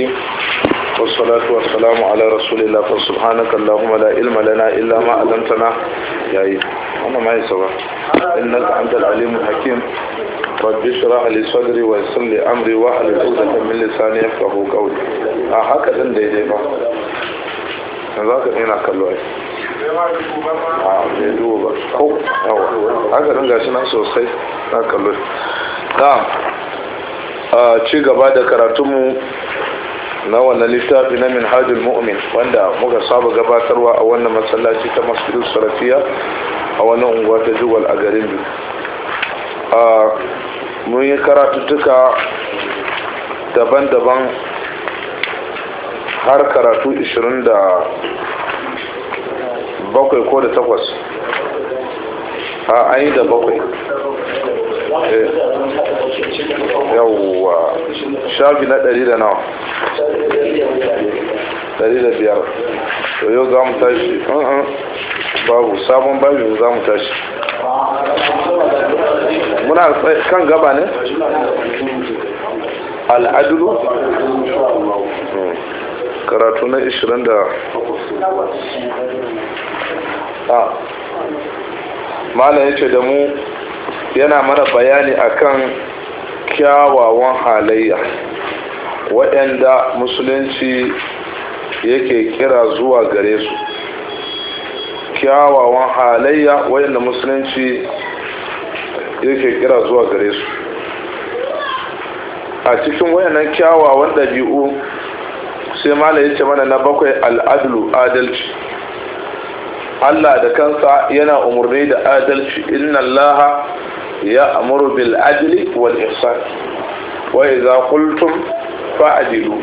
الرحيم والصلاة والسلام على رسول الله فسبحانك اللهم لا علم لنا إلا ما علمتنا يا أيها أنا ما يسوى إنك عند العليم الحكيم رب اشرح لي صدري ويسر لي أمري واحلل عقدة من لساني يفقه قولي هكذا ديدي دي دي ina kallo ai a bai duba ba haka dinga shi nan sosai na kallo da ci gaba da karatunmu na wannan littafi na hajjul mu'min wanda muka saba gabatarwa a wannan masallaci ta masu sarafiya a wannan unguwa ta jugal a garin bi mun yi karatuttuka daban-daban har karatu 27 ko da 8 a an yi da bakwai eh, yawwa shafi na ɗari da nawa dari da biyar to yau za mu tashi babu sabon babu za mu tashi muna kan gaba ne al'adulu mm. karatu na 20 da a mana ya ce da mu yana mana bayani akan kyawawan halayya waɗanda musulunci yake kira zuwa gare su kyawawan halayya waɗanda musulunci yake kira zuwa gare su a cikin waɗannan kyawawan ɗabi'u sai mala ya ce mana na bakwai al'adlu adalci allah da kansa yana umarni da adalci inna laha ya amuru bil adli wal ihsan wa idza qultum fa'adilu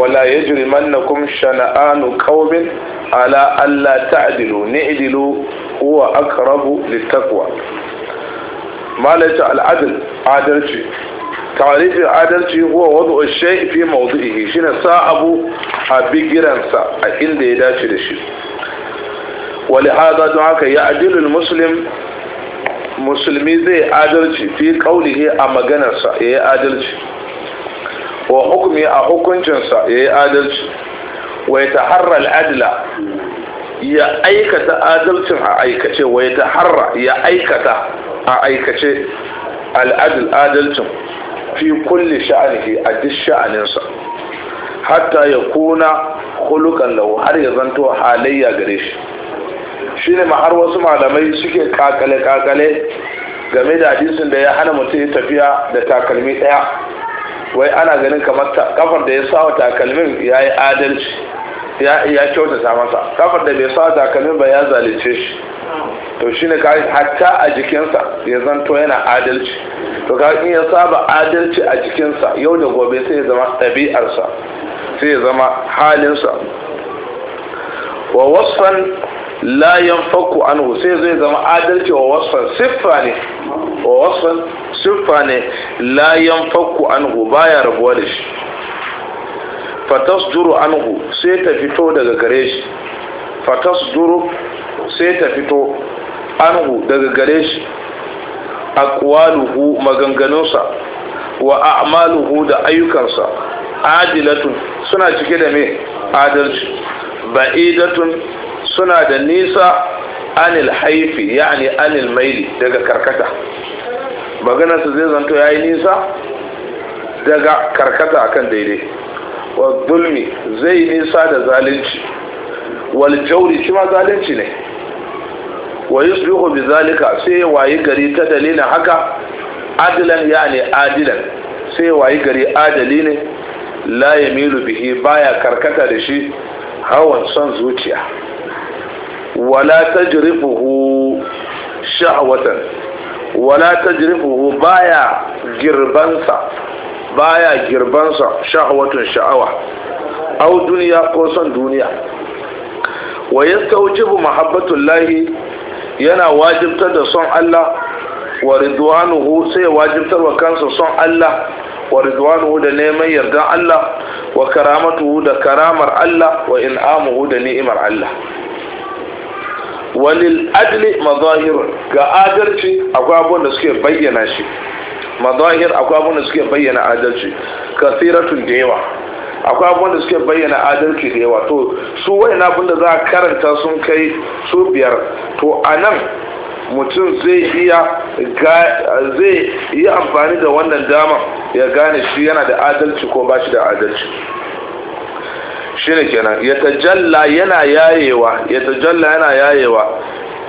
wala yajrimannakum shana'anu qaumin ala alla ta'dilu ni'dilu huwa aqrabu littaqwa malatu al'adl adalci tarifin adalci huwa wadu shay fi mawdihi shine sa abu a bigiransa a inda ya dace da shi ولهذا دعاك يعدل المسلم musulmi zai adalci fi kaulihi a maganarsa ya yi adalci wa hukumi a hukuncinsa ya yi adalci wa ya taharra al'adila ya aikata adalcin a aikace wa ya taharra ya aikata a aikace al'adil adalcin fi kulli sha'anihi a duk sha'aninsa hatta ya kuna hulukan lau har ya zanto halayya gare shi shi ne har wasu malamai suke kakale-kakale game da hadisin da ya hana mutum tafiya da takalmi ɗaya wai ana ganin kamar kafar da ya sawa takalmin ya yi adalci ya kyautata masa kafar da bai sawa takalmin ba ya zalice shi to shi ne hatta a jikinsa ya zanto yana adalci to ka in ya saba adalci a jikinsa yau da gobe sai ya zama ɗabi'arsa sai ya zama halinsa wa wasan la fakku anhu sai zai zama adalci wa wasfan siffa ne wa wasfan siffa ne la yanfaku anhu baya rabuwa da shi Fatas fatasduru anhu sai ta fito daga gare shi duru sai ta fito anhu daga gare shi aqwaluhu maganganunsa wa a'maluhu da ayyukansa adilatun suna cike da me adalci ba'idatun suna da nisa anil haifi yani anil maili daga karkata maganarsa zai zanto ya yi nisa daga karkata akan daidai wa zulmi zai nisa da zalunci wal jauri shi ma zalunci ne wa yi yusbihu bi zalika sai wayi gari ta dalilin haka adilan ya'ani adilan sai wayi gari adali ne la yamilu bihi baya karkata da shi hawan son zuciya wala ta tajrifuhu shahwatan wala tajrifuhu baya girbansa baya girbansa shahwatun sha'awa au duniya ko son duniya wa yastawjibu mahabbatullahi yana wajibtar da son Allah wa ridwanuhu sai wajibtar wa kansa son Allah wa ridwanuhu da neman yardan Allah wa karamatuhu da karamar Allah wa in'amuhu da ni'imar Allah walil adli mazahir ga adalci akwai abun da suke bayyana shi mazahir akwai abun da suke bayyana adalci kasiratun da yawa akwai abun da suke bayyana adalci da yawa to su wayan abun da za a karanta sun kai su biyar to a nan mutum zai iya zai yi amfani da wannan dama ya gane shi yana da adalci ko ba shi da adalci shine kenan ya tajalla yana yayewa ya tajalla yana yayewa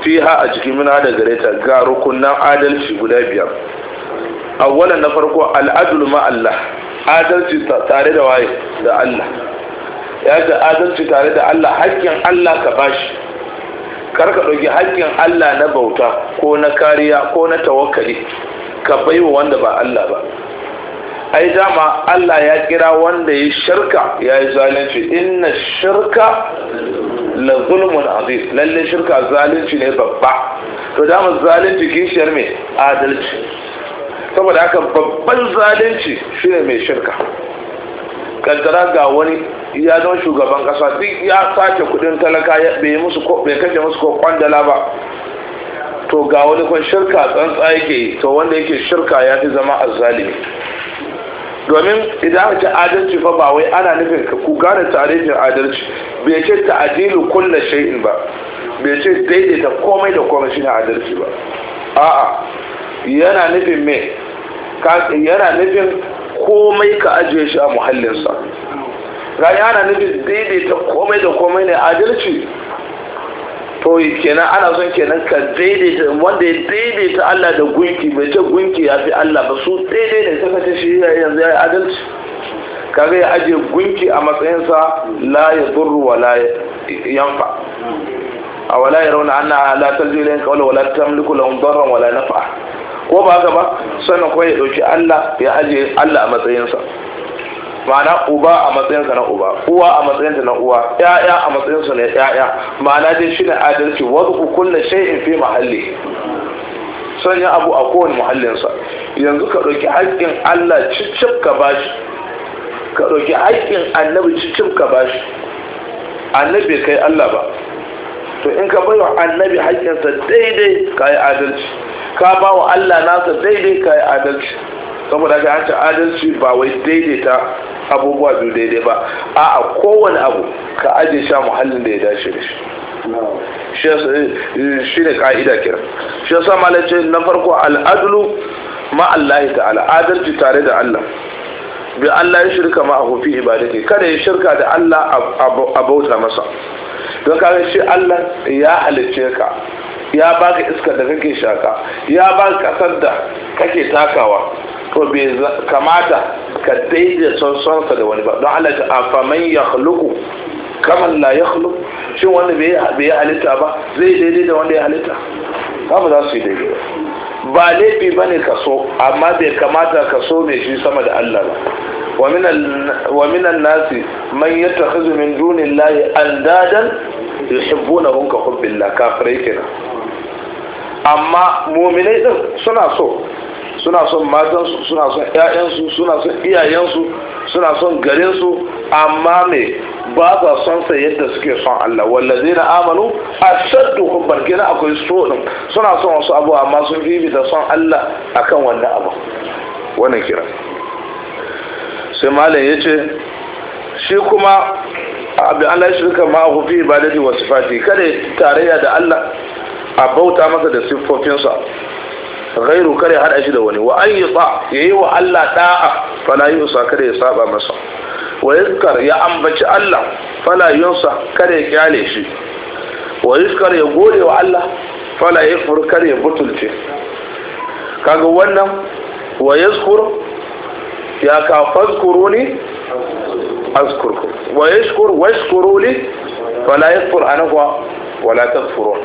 fiha a cikin mina da gare ta ga rukunan adalci guda biyar awwalan na farko al'adul ma Allah adalci tare da waye da Allah ya ga adalci tare da Allah hakkin Allah ka bashi kar ka ɗauki hakkin Allah na bauta ko na kariya ko na tawakkali ka baiwa wanda ba Allah ba ai dama Allah ya kira wanda ya shirka ya yi zalunci inna shirka la zulmun azim lalle shirka zalunci ne babba to dama zalunci kishiyar mai adalci saboda haka babban zalunci shine mai shirka kaddara ga wani ya zama shugaban kasa duk ya sace kudin talaka bai musu ko bai kashe musu ko kwandala ba to ga wani kun shirka tsantsa yake to wanda yake shirka ya fi zama azzalimi domin idan aka adalci fa ba wai ana nufin ka ku gane tarihin adalci bai ce ta adilu kulla shay'in ba bai ce daidaita komai da komai shine adalci ba a'a yana nufin me yana nufin komai ka ajiye shi a muhallinsa ga yana nufin daidaita komai da komai ne adalci to kenan ana son kenan ka daidaita wanda ya daidaita Allah da gunki bai ce gunki ya fi Allah ba su daidai ne saka ce shi yanzu ya yi adalci kaga ya aje gunki a matsayinsa la ya zurru wa la yanfa a wala ya rauna ana la jirgin kawai wala wala mulku lahum zarra wala naf'a ko ba haka ba sannan kuma ya dauki Allah ya ajiye Allah a matsayinsa ma'ana uba a matsayinsa na uba uwa a matsayinta na uwa ya'ya a matsayinsu na ya'ya ma'ana dai shi ne adalci wadda kulle shay'in fi mahalli sanya abu a kowane muhallinsa yanzu ka ɗauki haƙƙin Allah cicif ka bashi ka ɗauki haƙƙin annabi cicif ka bashi annabi kai Allah ba to in ka bai wa annabi haƙƙinsa daidai ka yi adalci ka ba wa Allah nasa daidai ka yi adalci saboda ka an ce adalci ba wai daidaita abubuwa biyu daidai ba a a kowane abu ka aje sha muhallin da ya dace da shi shi eh, ne ka'ida kira shi yasa malace na farko al'adulu ma Allah ta'ala adalci tare da Allah bi Allah ya shirka ma a hufi ibadati kada ya shirka da Allah a bauta masa don kare shi Allah ya halicce ka ya baka iskar da kake shaka ya baka kasar da kake takawa to bai kamata ka daidai sonsonsa da wani ba don Allah ta afaman ya khluku kamar la ya khluku shin wanda bai yi halitta ba zai daidai da wanda ya halitta ba ba za su yi daidai ba Ba laifi ba ne ka so amma bai kamata ka so mai shi sama da Allah ba wa minan nasi man yattakhidhu min layi, dunillahi andadan yuhibbunahum ka hubbillah kafirai kenan amma muminai din suna so suna son matansu suna son ƴaƴansu suna son iyayensu suna son garinsu amma me ba sa son sa yadda suke son Allah wallazi na amanu ashaddu hubban kina akwai so din suna son wasu abu amma sun da son Allah akan wannan abu wannan kira sai malam yace shi kuma abin Allah ya shirka ma hu fi ibadati wa sifati kada tarayya da Allah a bauta masa da siffofinsa ghairu kare hada shi da wani wa an yata yayi wa Allah da'a fala yusa kare ya saba masa wa yaskar ya ambaci Allah fala yunsa kare ya kyale shi wa yaskar ya gode wa Allah ya kaga wannan wa yazkur ya ka fazkuruni azkurku wa yashkur washkuru li fala yakfur anahu wala takfurun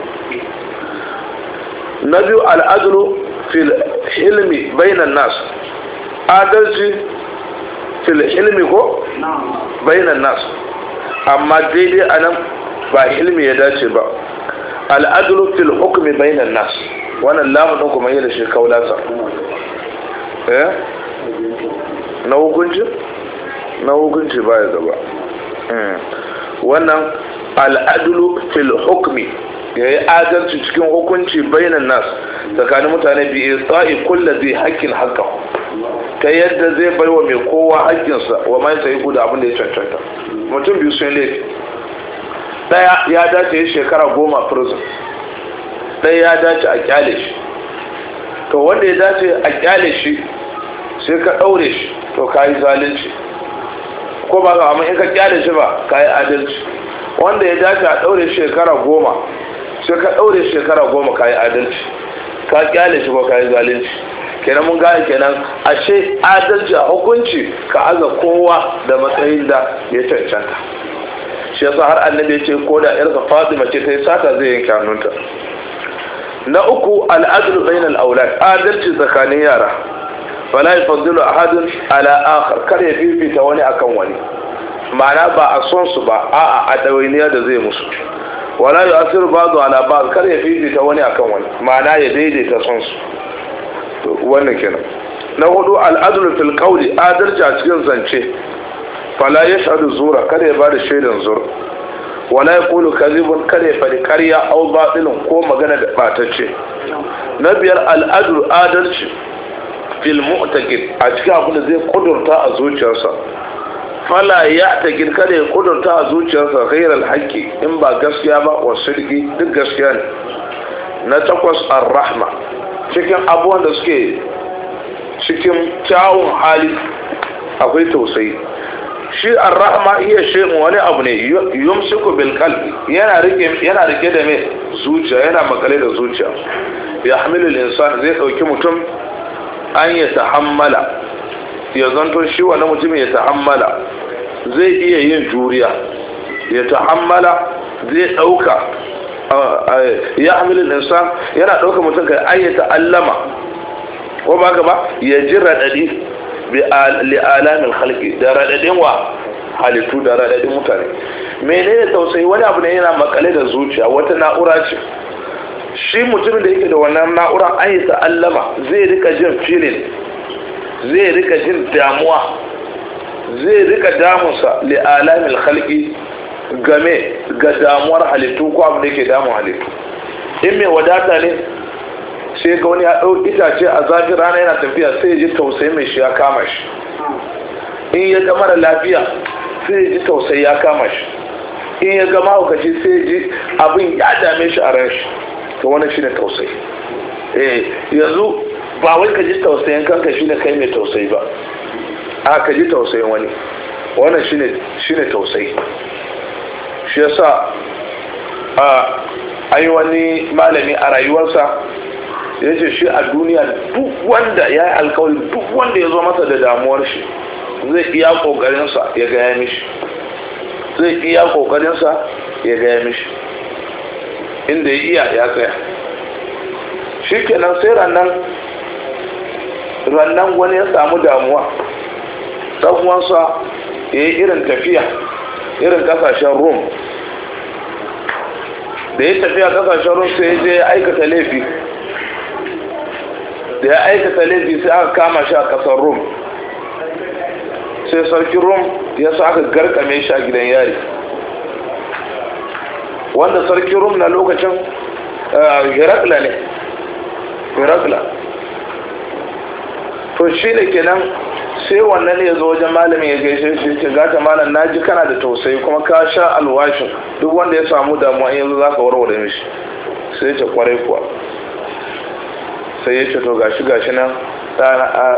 na biyu al'adulu fil hilmi bainan nas adalci fil ilmi ko bainan nas amma daidai anan ba ilmi ya dace ba Al'adulu fil hukmi bainan nas wannan lamu din kuma yadda shi kaulasa eh na hukunci na hukunci ba ya zaba hmm. wannan al'adulu fil hukmi ya yi adalci cikin hukunci bayanan nas tsakanin mutane biyu isa'i kulla zai hakkin haka ta yadda zai bai wa mai kowa hakkinsa wa mai sai guda abin da ya cancanta mutum biyu sun laifi Ɗaya ya dace ya shekara goma prison Ɗaya ya dace a kyale shi to wanda ya dace a kyale shi sai ka ɗaure shi to ka yi zalunci ko ba amma in ka kyale shi ba ka yi adalci wanda ya dace a ɗaure shekara goma sai ka ɗaure shekara goma ka yi adalci ka kyale shi ko ka yi zalunci kenan mun gane kenan ashe adalci a hukunci ka aza kowa da matsayin da ya cancanta shi yasa har annabi ya ce ko da yarsa fatima ce ta yi sata zai yanke hannunta na uku al'adlu bainal aulad adalci tsakanin yara fala yafdilu ahadun ala akhar kar ya fifita wani akan wani ma'ana ba a son su ba a'a a dawainiya da zai musu wala ya asir bazu ala kar ya fifita wani akan wani ma'ana ya daidaita son su wannan kenan na hudu al'adul fil qawli adalci a cikin zance fala yashhadu zura kar ya bada shaidan zura wala yaqulu kadhibun kar ya fadi karya aw batilun ko magana da batacce na biyar al'adul adalci fil mu'taqid a cikin abin da zai kudurta a zuciyarsa fala ya ta da ya kudurta a zuciyarsa ghairal haqqi in ba gaskiya ba wa sirgi duk gaskiya ne na takwas ar-rahma cikin abubuwan da suke cikin kyawun hali akwai tausayi shi ar-rahma iya shi wani abu ne yumsiku bil qalbi yana rike yana rike da me zuciya yana makale da zuciya ya hamilu insan zai dauki mutum an ya tahammala ya zanto shi wani mutum ya ta'ammala zai iya yin juriya ya ta'ammala zai ɗauka ya hamilin insan yana ɗauka mutum kai ayyata ta'allama ko ba ka ba ya ji raɗaɗi alamin halki da raɗaɗin wa halittu da raɗaɗin mutane menene tausayi wani abu ne yana makale da zuciya wata na'ura ce shi mutumin da yake da wannan na'urar an yi ta'allama zai rika jin filin zai rika jin damuwa zai rika damunsa li'alamil khalqi game ga damuwar halittu ko abin da yake damun halittu in mai wadata ne sai ga wani ya itace a zafi rana yana tafiya sai ya ji tausayi mai shi ya kama shi in ya ga mara lafiya sai ya ji tausayi ya kama shi in ya ga mahaukaci sai ya ji abin ya dame shi a ran shi ta wani shi ne tausayi eh, yanzu ba wai ka ji tausayin kanka shi ne kai mai tausayi ba a ka ji tausayin wani wannan ne tausayi shi yasa a yi wani malami a rayuwarsa ya ce shi a duniya duk wanda ya yi alkawali duk wanda ya zo masa da damuwar shi zai iya kokarinsa ya gaya mishi zai iya kokarinsa ya gaya mishi inda ya iya ya tsaya shi kenan sai rannan rannan wani ya samu damuwa ɗan'uwansa ya yi irin tafiya irin ƙasashen rom da ya tafiya ƙasashen rom sai ya ya aikata laifi da ya aikata laifi sai aka kama shi a ƙasar rom sai sarki rom ya sa aka garkame shi a gidan yari wanda sarki rom na lokacin eh, herakla ne herakla to shi ne kenan sai wannan ya zo wajen malamin ya gaishe shi ce gata malam na ji kana da tausayi kuma ka sha alwashin duk wanda ya samu damuwa yanzu za ka warware mishi sai ce kwarai kuwa sai ya ce to gashi gashi nan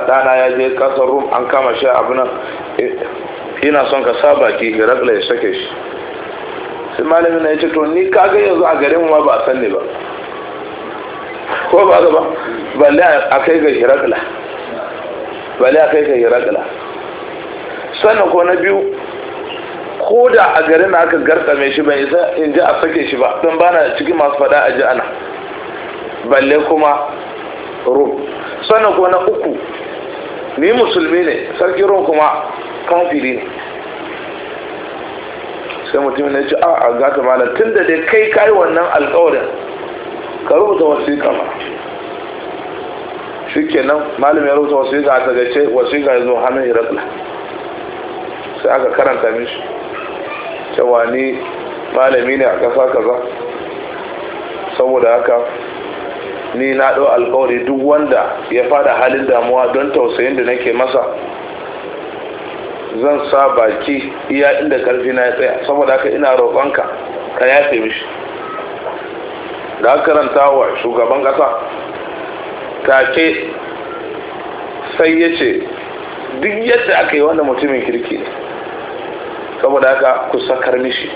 ɗana ya je kasar rum an kama shi abu nan eh, ina son ka sa baki hirakla ya sake shi sai malamin na ya ce to ni kaga yanzu a mu ma ba a san ne ba ko ba ga ba balle a kai ga hirakla bale a kai ka hirakla sannan ko na biyu ko da a garin aka garkame shi ban isa in ji a sake shi ba don bana cikin masu fada a ji ana balle kuma rum sannan ko na uku ni musulmi ne sarki rum kuma kamfili ne sai mutum ne ci ah, a a gata malam tun da dai kai kai wannan alkawarin ka rubuta wasiƙa kama shikenan malam ya rubuta wasu wasiƙa a gace wasu ya zo hannun irakla sai aka karanta mishi cewa ni malami ne a ƙasa kaza saboda haka ni na ɗau alkawari duk wanda ya fada halin damuwa don tausayin da nake masa zan sa baki iya inda karfi na ya tsaya saboda haka ina roƙonka ka yafe mishi da karanta wa shugaban ƙasa take sai ya ce duk yadda aka yi wanda mutumin kirki ne saboda haka kusa karni mishi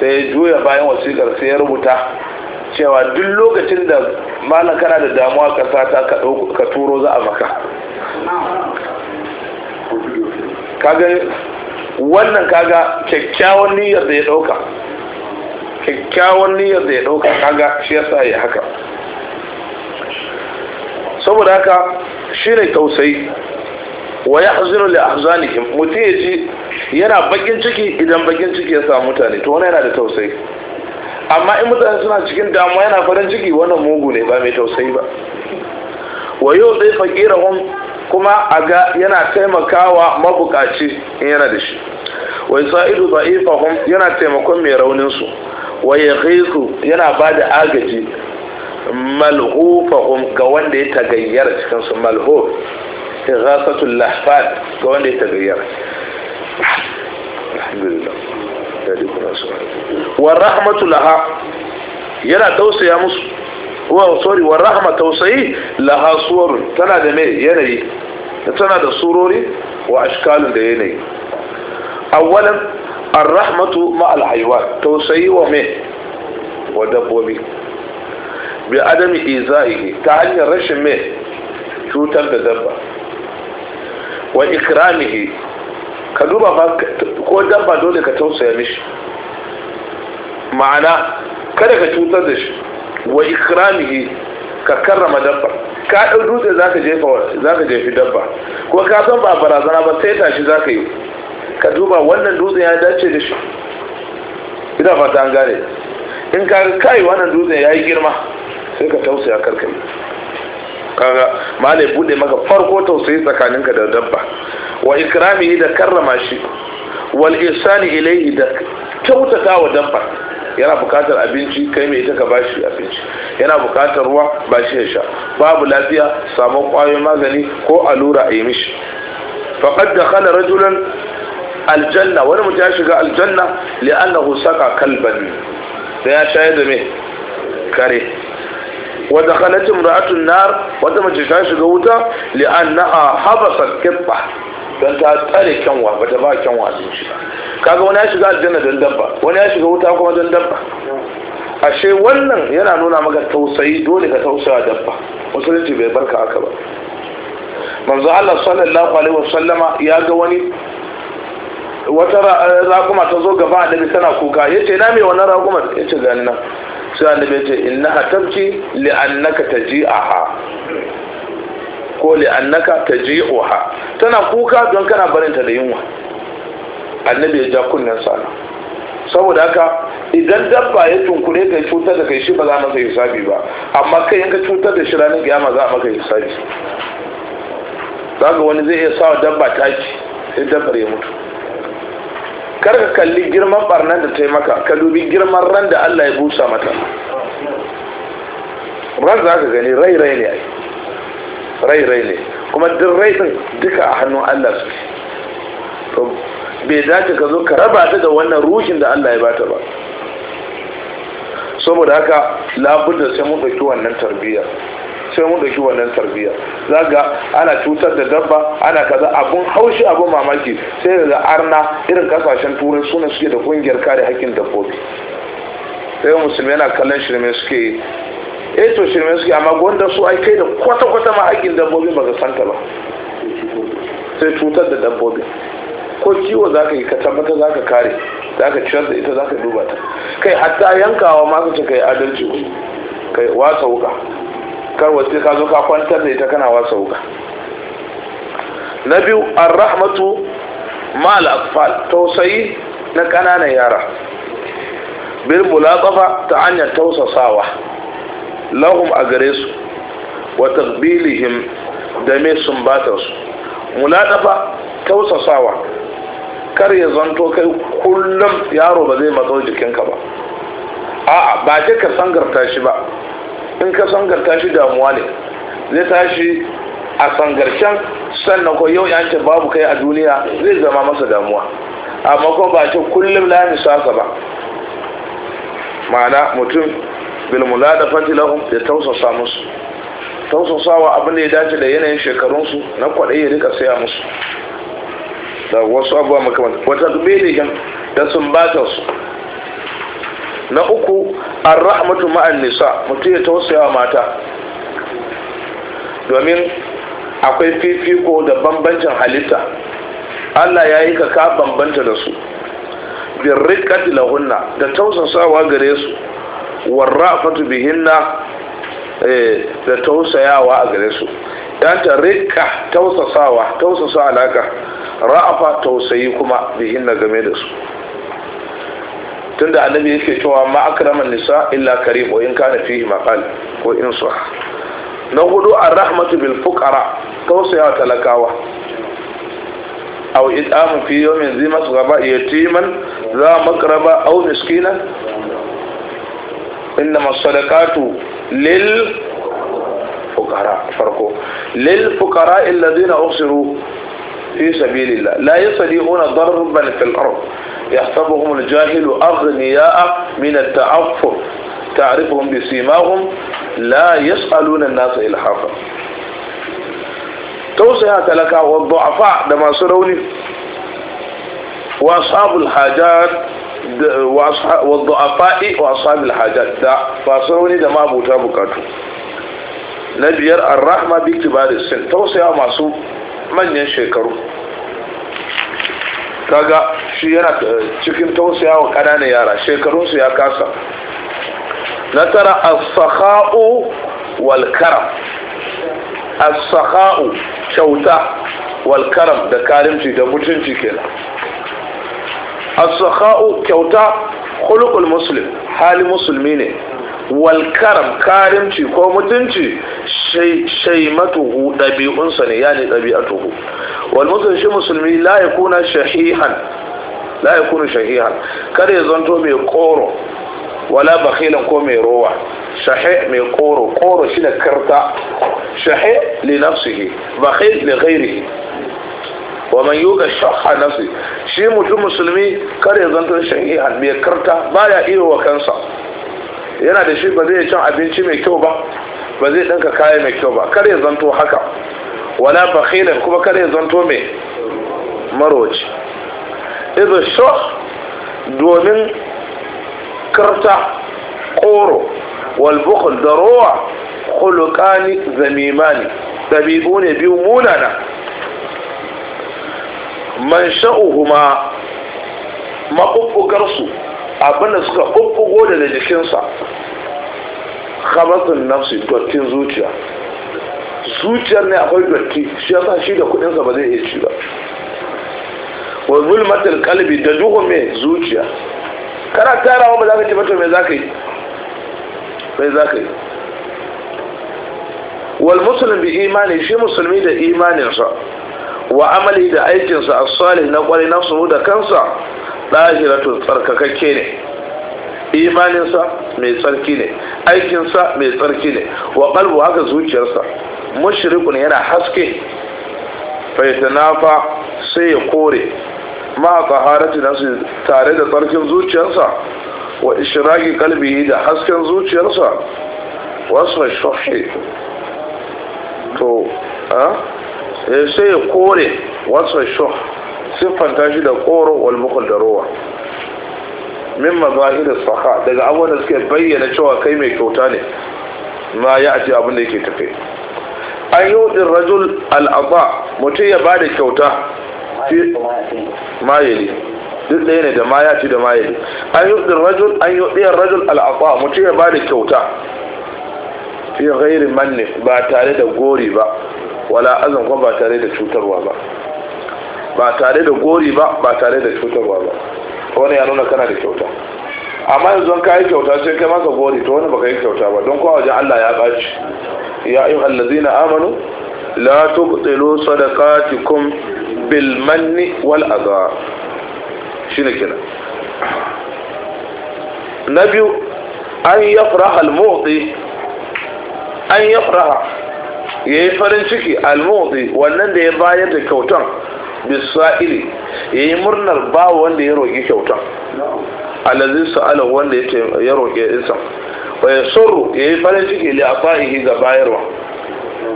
sai ya juya bayan wasikar sai ya rubuta cewa duk lokacin da malam kana da damuwa kasa ta ka turo za a maka kaga wannan kaga kyakkyawan niyyar da ya ɗauka kyakkyawan niyyar da ya dauka kaga shi yasa ya haka saboda haka shi ne tausayi wa ya hazinu li ahzanihim mutum ya ji yana bakin ciki idan bakin ciki ya samu mutane to wani yana da tausayi amma in mutane suna cikin damuwa yana farin ciki wannan mugu ne ba mai tausayi ba wa yau zai fakira kuma a ga yana taimakawa mabukaci in yana da shi wa sa'idu da'ifahum yana taimakon mai raunin su wa yaghisu yana ba da agaji malhufahum ga wanda ya tagayyar cikin su malhuf ighasatul lahfat ga wanda ya tagayyar alhamdulillah wa rahmatu laha yana tausaya musu wa sorry wa rahma tausayi laha suwarun tana da mai yanayi tana da surori wa ashkalun da yanayi awwalan الرحمة مع الحيوان توسعي ومه ودبوبي bi adami izahihi ta hanyar rashin mai cutar da dabba wa ikramihi ka duba ba ko dabba dole ka tausaya mishi ma'ana kada ka cutar da shi wa ikramihi ka karrama dabba ka ɗau dutse za ka jefi dabba ko ka san ba barazana ba sai tashi za ka yi ka duba wannan dutse ya dace da shi ina fata an gane in ka kai wannan dutse ya yi girma sai ka tausaya karka yi kaga malai bude maka farko tausayi tsakaninka da dabba wa ikrami da karrama shi wal ihsani ilayhi da kyautata wa dabba yana bukatar abinci kai mai ita ka bashi abinci yana bukatar ruwa bashi ya sha babu lafiya samu kwayoyin magani ko allura a yi mishi faqad dakhala rajulan aljanna wani mutum ya shiga aljanna li'annahu saka kalban da ya shayar da me kare wa dakhalat imra'atun nar wata mace ta shiga wuta li'annaha habasat kibba dan ta tsare kyanwa bata ba kyanwa din shi kaga wani ya shiga aljanna dan dabba wani ya shiga wuta kuma dan dabba ashe wannan yana nuna maka tausayi dole ka tausaya dabba musulunci bai barka haka ba manzo Allah sallallahu alaihi wasallama ya ga wani wata raƙuma ta zo gaba annabi tana kuka yace na me wannan raƙumar yace gani nan sai annabi ce innaha ta li annaka taji'aha ko li annaka taji'uha tana kuka don kana barin ta da yunwa annabi ya ja kunnen sana saboda haka idan dabba ya tunkure kai cutar da kai shi ba za maka hisabi ba amma kai yanka cutar da shi ranar kiyama za maka hisabi za ga wani zai iya sawa dabba taki sai dabbar ya mutu kar ka kalli girman barnan da ta maka ka dubi girman ran da Allah ya busa mata ran za ka gani rai rai ne rai rai ne kuma duk rai din duka a hannun Allah su to bai dace ka zo ka raba ta da wannan ruhin da Allah ya bata ba saboda haka labudda sai mun ɗauki wannan tarbiyyar sai mun dauki wannan tarbiyya zaga ana cutar da dabba ana kaza abun haushi abun mamaki sai daga arna irin kasashen turai suna suke da kungiyar kare hakkin dabbobi sai musulmi yana kallon shirme suke yi eh to shirme suke amma gwanda su ai kai da kwata-kwata ma hakkin dabbobi ba ka santa ba sai cutar da dabbobi ko kiwo za ka yi ka tabbata za ka kare za ka ciyar da ita za ka duba ta kai hatta yankawa ma ka ce ka yi adalci kai wasa wuka karwa sai ka zo ka kwantar da ita kana wasa wuka na biyu arrahmatu ma'al atfal tausayi na ƙananan yara bil mulaqafa ta hanyar tausasawa lahum a gare su wa taqbilihim da me sumbatar su mulaqafa tausasawa kar ya zanto kai kullum yaro ba zai matso jikinka ba a'a ba ka sangarta shi ba in ka sangarta shi damuwa ne zai tashi a sangarcen sannan ko yau yanci babu kai a duniya zai zama masa damuwa amma kuma ba ce kullum la misasa ba ma'ana mutum bilmula da fatilahun ya tausasa musu tausasawa abin da ya dace da yanayin shekarunsu na kwaɗayi ya rika saya musu da wasu abuwa makamanta wata dubbe da da sun bata na uku ra'a rahmatu ma'an nisa mutum ya tausayawa mata domin akwai fifiko da bambancin halitta Allah ya yi ka ka bambanta da su birrikat lahunna da sawa gare su warrafatu bihinna eh, da tausayawa a gare su ta rika tausasawa tausasa alaka ra'afa tausayi kuma bihinna game da su tunda annabi yake cewa ma akraman nisa illa karim wa in kana fihi maqal ko in sah na hudu arrahmatu bil fuqara tausaya talakawa aw it'amu fi yawmin dhi masghaba yatiman za makraba aw miskina innama sadaqatu lil fuqara farko lil fuqara alladhina usiru fi sabilillah la yastati'una darban fil ardh يحسبهم الجاهل أغنياء من التعفف تعرفهم بسيماهم لا يسألون الناس إلحافا توسع تلك والضعفاء دما سروني وأصحاب الحاجات والضعفاء وأصحاب الحاجات فسروني دما أبو تابكاتو نبير الرحمة باكتبار السن توسع masu manyan shekaru kaga shi yana eh, cikin tausayawa ƙananan yara shekarunsu ya kasa na tara as-sakha'u wal kyauta wal da karimci da mutunci kenan as kyauta khuluqul muslim hali musulmi ne wal karam karimci ko mutunci shaimatuhu ɗabi'unsa ne yani ɗabi'atuhu wal musulmi shi musulmi la shahihan la yakunu shahihan kada ya zanto mai koro wala bakhilan ko mai rowa shahi mai koro koro shi da karta shahi li nafsihi bakhil li ghairihi wa man yuga shahha nafsi shi mutum musulmi kada ya zanto shahihan mai karta baya iya wa kansa yana da shi ba zai cin abinci mai kyau ba ba zai ɗanka kaya mai kyau ba kada ya zanto haka wala bakhilan kuma kada ya zanto mai maroci izashoh domin karta koro walbukul da rowa kulukani zamimani ɗabi'u ne biyu munana man sha'uhuma su abinda suka ɓuɓɓugo daga jikinsa khabatun nafsi dottin zuciya zuciyar ne akwai dotti shi yasa shi da kudinsa ba zai iya ci ba wa zulmatul qalbi da duhu mai zuciya kana tarawa ba za ka ci mato mai za ka yi mai za ka yi wal musulun bi imani shi musulmi da imaninsa wa amali da aikinsa a salih na kwari na su da kansa ɗahiratu tsarkakakke ne imaninsa mai tsarki ne aikinsa mai tsarki ne wa kalbu haka zuciyarsa mushrikun yana haske fa sai ya kore ma taharati nafsi tare da tsarkin zuciyarsa wa ishiraki kalbi da hasken zuciyarsa wasu shuhi to a eh, sai ya kore wasu shuh siffanta shi da koro wal da ruwa min da saha daga abu da suke bayyana cewa kai mai kyauta ne ma ya ce abin da yake tafe an yi hudin rajul al'aba mutum ya bada kyauta fi mayeli duk ɗaya ne da ma ya ci da mayeli an yi ɗin rajul an yi ɗiyar rajul al'afa mutum ya ba da kyauta fi ghairi manne ba tare da gori ba wala azan kuma ba tare da cutarwa ba ba tare da gori ba ba tare da cutarwa ba wani ya nuna kana da kyauta amma yanzu ka yi kyauta sai kai masa gori to wani baka yi kyauta ba don kowa wajen Allah ya ɓaci ya ayyuhal ladzina amanu la tubtilu sadaqatikum bil manni wal adha shine kenan na biyu an yafraha al mu'ti an yafraha yayi farin ciki al mu'ti wannan da ya bayar da kyautan ya yayi murnar ba wanda ya roki kyautan alazi sa'ala wanda ya roƙe insa wa ya ya yi farin ciki li afa'ihi ga bayarwa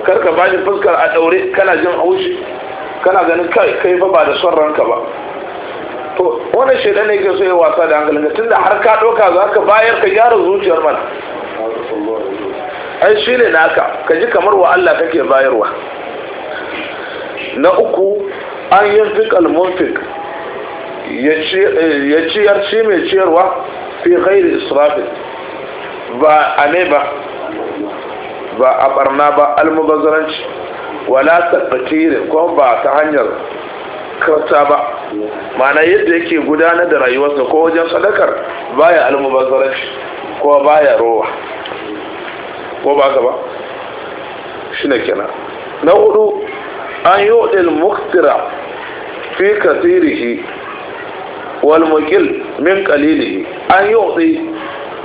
kar ka bani fuskar a daure kana jin aushi kana ganin kai kai fa ba da son ranka ba to wannan shaidan ne ke so ya wasa da hankalin ka tunda har ka doka za ka bayar ka gyara zuciyar mana ai shi ne naka ka ji kamar wa Allah kake bayarwa na uku an fik almunfik ya ciyar mai ciyarwa fi ghairi israfi ba a ne ba ba a barna ba almubazzaranci wala tabbatirin ko ba ta hanyar karta ba mana yadda yake gudanar da rayuwarsa ko wajen sadakar baya shi ko baya rowa ko ba ba? shi ne kenan na hudu an yi wadil muktira fi kasirihi wal mukil min kalilihi an yi wadi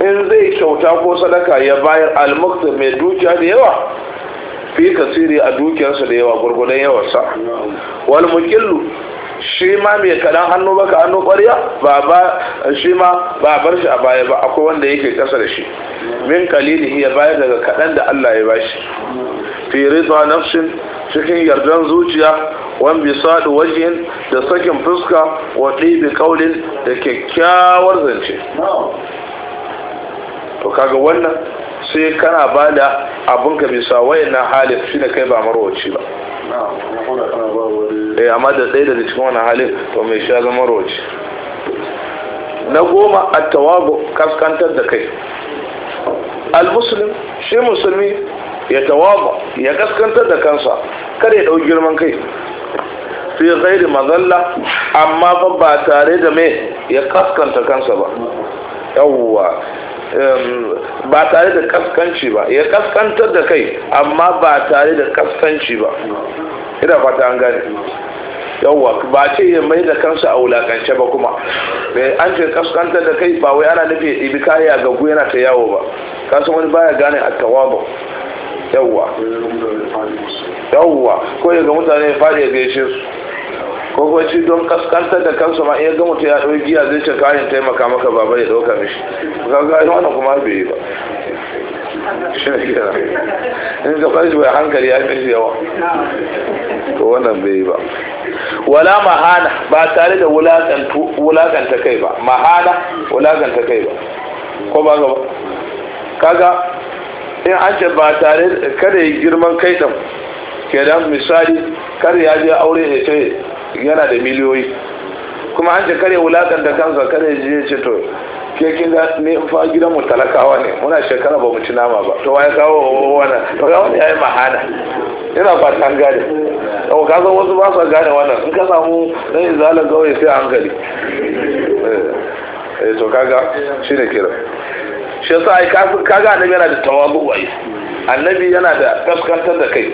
in zai kyauta ko sadaka ya bayar al mai dukiya da yawa fi kasiri a dukiyarsa da yawa gurgudan yawarsa wal mukillu shi ma mai kaɗan hannu baka hannu ƙwarya ba ba shi ma ba bar shi a baya ba akwai wanda yake kasa da shi min kalili ya bayar daga kaɗan da Allah ya bashi fi ridwa nafsin cikin yardan zuciya wan sadu wajin da sakin fuska wa ɗibi kaulin da kyakkyawar zance to kaga wannan sai kana ba da abinka bisa na halin shi da kai ba marwaci ba eh amma da ɗaya da cikin wani halin to mai sha zama marwaci na goma a tawago kaskantar da kai al shi musulmi ya tawago ya kaskantar da kansa kada ya ɗau girman kai fi ghairi mazalla amma ba tare da mai ya kaskanta kansa ba yawwa ba tare da kaskanci ba ya kaskantar da kai amma ba tare da kaskanci ba ina fata an gane yawwa ba ce ya mai da kansa a wulakance ba kuma eh, an ce kaskantar da kai ba wai ana nufi ibi ɗibi a gagu yana ta yawo ba kasan wani baya gane a tawabo yawwa yawwa ko ya ga mutane ya faɗi ya gaishe su ko kuwa shi don kaskantar da kansu ma iya ga mutum ya ɗau giya zai ce kayan taimaka maka ba ya ɗauka mishi ga gari wannan kuma bai yi ba in ka kwanci bai hankali ya fi yawa to wannan bai yi ba wala mahana ba tare da wulakanta kai ba mahana wulakanta kai ba ko ba gaba kaga in an ce ba tare kada yi girman kai ɗan kenan misali kar ya je aure ya ce yana da miliyoyi kuma an ce kare da kansa kare ya ce to ke kin ga ne fa gidan mu talakawa ne muna shekara ba mu ci nama ba to waye kawo wannan to ga wani yayi mahana ina ba ta gane to ka san wasu ba su gane wannan in ka samu dan izala gawo sai hankali eh, eh to kaga shine kira shi yasa ai kaga annabi yana da tawabu wai annabi yana da kaskantar da kai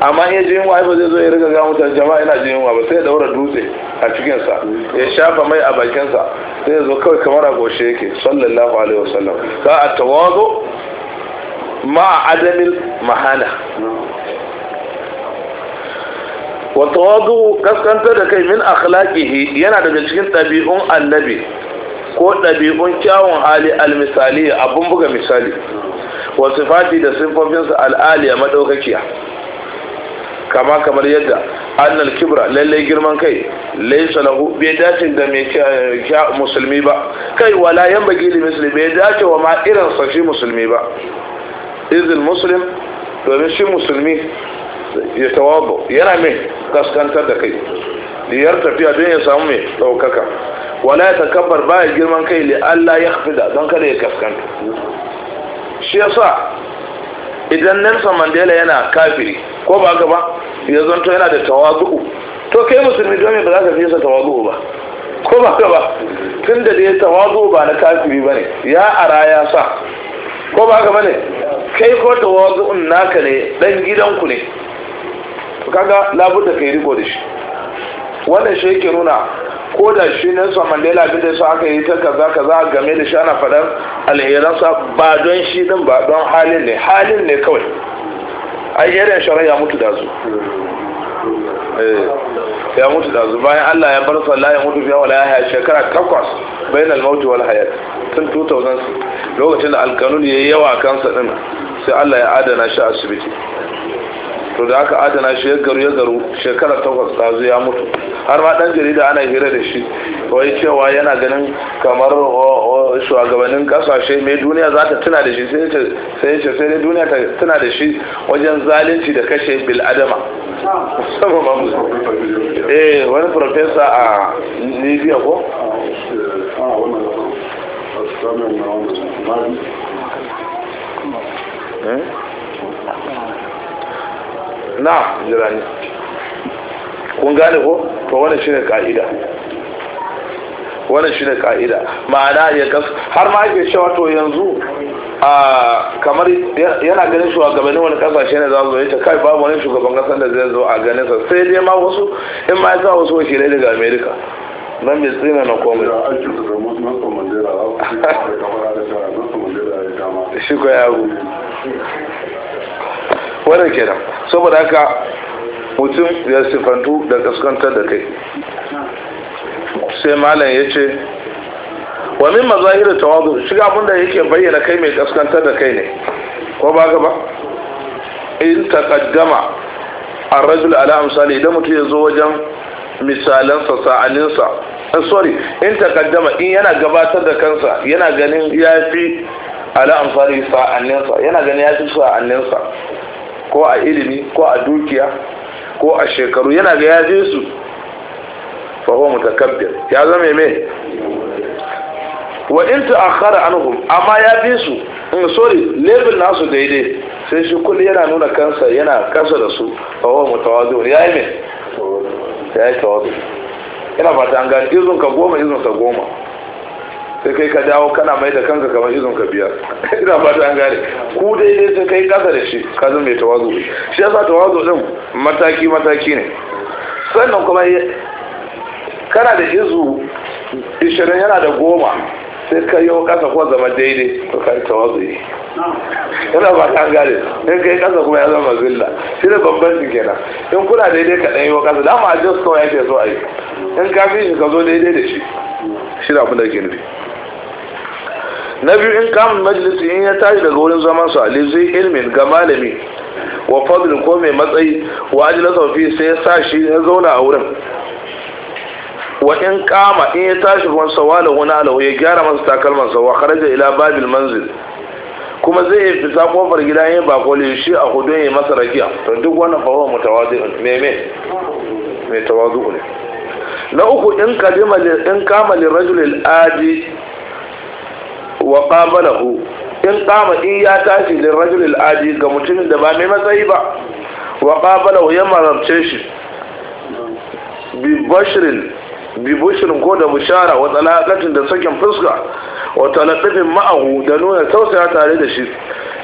amma in ya ji yunwa ba zai zo ya riga ga mutan jama'a ina je yunwa ba sai ya daura dutse a cikinsa ya shafa mai a bakinsa sai ya zo kawai kamar a goshe yake sallallahu alaihi wasallam ka a tawazo ma adamin mahala watawadu kaskanta da kai min akhlaqihi yana daga cikin ɗabi'un annabi ko ɗabi'un kyawun hali almisali abun buga misali wa sifati da sifofinsa al'aliya madaukakiya kama kamar yadda annal kibra lallai girman kai laisa lahu bai dace da mai musulmi ba kai wala yan bagi li musulmi bai dace wa ma irin sa shi musulmi ba izil musulmi domin shi musulmi ya tawabo yana mai kaskantar da kai liyar tafiya don ya samu mai ɗaukaka wala ya takabbar baya girman kai li Allah ya hafida don kada ya kaskanta shi yasa idan nelson mandela yana kafiri ko ba ka ba ya zanto yana da tawazu'u to kai musulmi domin ba za ka fiye sa tawazu'u ba ko ba ka ba tun da dai tawazu'u ba na kafiri ba ne ya ara ya sa ko ba ka ba ne kai ko tawazu'un naka ne dan gidanku ne kaga labuta kai riko da shi wannan shi yake nuna ko da shi nelson mandela bi da su aka yi ta kaza kaza game da shi ana faɗar alherinsa ba don shi din ba don halin ne halin ne kawai ai irin shari'a ya mutu da su eh, ya mutu da su bayan allah ya bar sallah ya mutu ya wala ya shekara takwas bayan almauti wal hayat tun 2000 lokacin da alkanun ya yi yawa kansa din sai allah ya adana shi a asibiti to da aka adana shi ya garu ya garu shekarar takwas ta zo ya mutu har ma dan jarida ana hira da shi wai cewa yana ganin kamar shugabannin kasashe mai duniya za ta tuna da shi sai ya ce sai dai duniya ta tuna da shi wajen zalunci da kashe bil adama eh wani profesa a libya ko eh na jirani kun gane ko to wannan shine ka'ida wannan shine ka'ida ma'ana ya kas har ma yake cewa to yanzu a kamar yana ganin shugabannin wani kasashe ne za su zoye ta kai babu wani shugaban kasan da zai zo a ganin sa sai dai ma wasu in ma ya sa wasu wakilai daga america nan bai tsina na komai shi ko ya ke nan saboda haka mutum ya sifantu da kaskantar da kai sai malam ya ce wa min mazahir tawadu shiga abinda yake bayyana kai mai kaskantar da kai ne ko ba ga ba in taqaddama ar-rajul ala amsali idan mutum ya zo wajen sa'anin sa eh, sorry in takaddama in yana gabatar da kansa yana ganin ya fi amsali sa'anin sa'anninsa yana ganin ya fi sa'anninsa ko a ilimi ko a dukiya ko a shekaru yana ga ya je su faho mutakabbir ya zama mai wa in ta'akhara anhum amma ya bi su in sorry level nasu daidai sai shi kullu yana nuna kansa yana kasa da su huwa mutawazi ya yi mai ya yi tawadu ina fata an gani izun ka goma izun ka goma sai kai ka dawo kana mai da kanka kamar izon ka biya ina ba ta gane ku daidai sai kai kasa da shi ka zama mai tawazu shi yasa tawazu din mataki mataki ne sannan kuma kana da izu ishirin yana da goma sai ka yi kasa ko zama daidai ko ka ta tawazu yi ina ba ta gane in kai kasa kuma ya zama zilla shi ne bambancin kenan in kuna daidai ka ɗan yi wa kasa dama a jinsu kawai yake so a yi in ka fi shi ka zo daidai da shi shi da abin da ke nufi na biyu in kamun majalisi in ya tashi daga wurin zaman su ali zai ilmin ga malami wa fadlin ko mai matsayi wa ajiyar saufi sai ya sa shi ya zauna a wurin wa in kama in ya tashi kuma sawala wani alawo ya gyara masa takalmansa wa kharaja ila babil manzil kuma zai yi fita kofar gida yin bako shi a hudu ya masa rakiya to duk wannan mu tawazu ne me me tawazu ne na uku in kalima in kama lirajulil adi wa qabalahu in qama in ya tashi lil rajul al aji ga mutumin da ba mai matsayi ba wa qabalahu ya marabce shi bi bashrin bi bashrin ko da bushara wa talaqatin da sakin fuska wa talaqatin ma'ahu da nuna tausaya tare da shi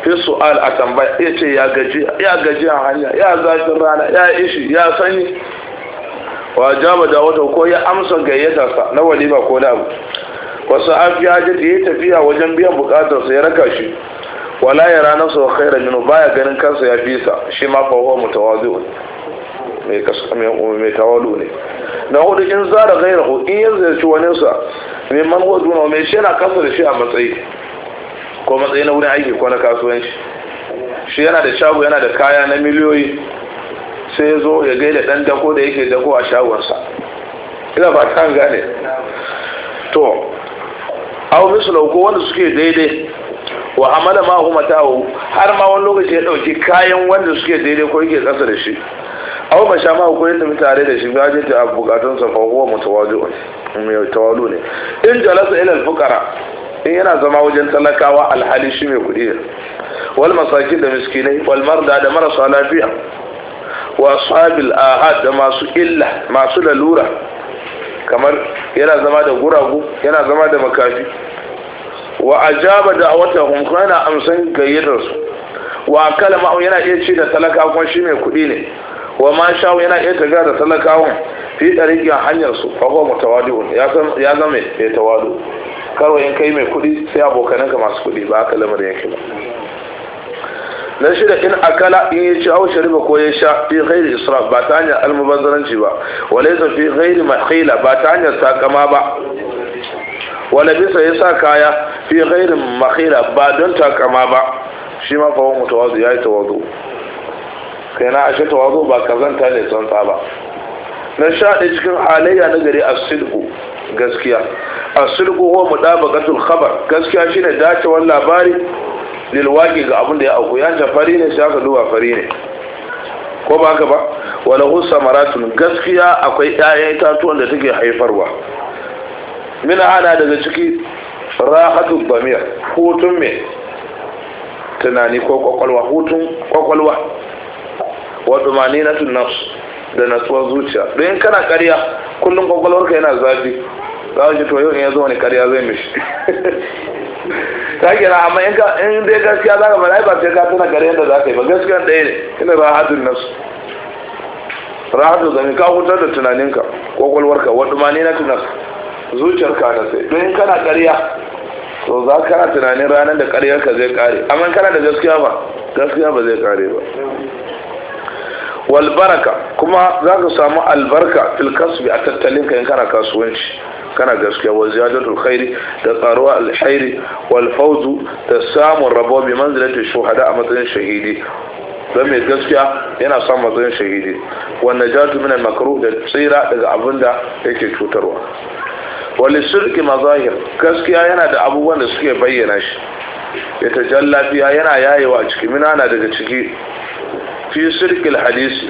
fi su'al a tambaya ya ce ya gaji ya gaji a hanya ya zafin rana ya ishi ya sanyi wa jaba da wata ko ya amsa gayyatarsa na walima ko na abu wasu afi da ya tafiya wajen biyan bukatarsa ya raka shi wala ya rana sa khaira minu baya ganin kansa ya fi sa shi ma fa huwa mutawazi mai kasu mai tawalu ne na hudu in zara gaira hu in yanzu ya ci wani sa mai man hudu na mai shi yana kasa da shi a matsayi ko matsayi na wurin aiki ko na kasuwanci shi yana da shago yana da kaya na miliyoyi sai ya zo ya gaida dan dako da yake dako a shagonsa ina ba kan gane to aw misla ko wanda suke daidai wa amala ma huma tawo har ma wani lokaci ya dauki kayan wanda suke daidai ko yake kasa da shi aw sha ma ko yanda mu da shi ga je ta bukatun sa fa huwa mutawadi'un mai tawalu ne in jalasa ila fukara. in yana zama wajen talakawa alhali shi mai kudi ne wal masakin da miskinai wal marda da marasa lafiya wa ashabil ahad da masu illa masu lalura kamar yana zama da guragu yana zama da makafi wa ajaba da wata hunku yana amsan gayyatar su wa kalama yana iya ci da talaka kuma shi mai kuɗi ne wa ma sha yana iya tafiya da talakawan fi ɗariƙin hanyar su fa kuma tawadu ya zama mai tawadu karo in kai mai kuɗi sai abokananka masu kuɗi ba haka lamar yake ba na shida in akala in ya ci au shariba ko ya sha fi ghairi israf ba ta hanyar almubazzaranci ba walaysa fi ghairi mahila ba ta hanyar sakama ba wala bisa ya sa kaya fi ghairin makhila ba don takama ba shi ma fawon mutu ya yi tawazu kai na ashe tawazu ba kazanta ne tsantsa ba na sha ɗaya cikin halayya na gari a silku gaskiya a silku ɗaba gatul khabar gaskiya shine dacewar labari lilwaki ga abin da ya auku ya fari ne sai aka duba fari ne ko ba haka ba wala husa maratun gaskiya akwai 'ya'yan itatuwan da take haifarwa min ana daga ciki rahatu bamir hutun mai tunani ko kwakwalwa hutun kwakwalwa wato mani na tunas da natsuwar zuciya don kana karya kullum kwakwalwarka yana zafi za a ji to yau in ya zo wani karya zai mishi ta gina amma in dai gaskiya za ka fara ba sai ka tana karyar da za ka yi ba gaskiya ɗaya ne ina rahatun nasu rahatun zami ka hutar da tunaninka kwakwalwarka wato mani na tunas zuciyar ka na sai don kana ƙarya to za ka na tunanin ranar da ƙaryar ka zai ƙare amma kana da gaskiya ba gaskiya ba zai ƙare ba walbaraka kuma za ka samu albarka fil a tattalin ka in kana kasuwanci kana gaskiya wa ziyadatul khairi da tsaruwa alkhairi wal fawzu da samun rabo bi manzilati shuhada a matsayin shahidi don mai gaskiya yana son matsayin shahidi wannan jatu minan makaru da tsira daga abin da yake cutarwa wani sirki mazahir gaskiya yana da abubuwan da suke bayyana shi ya tajalla fiya yana yayewa a ciki mina na daga ciki fi sirkil hadisi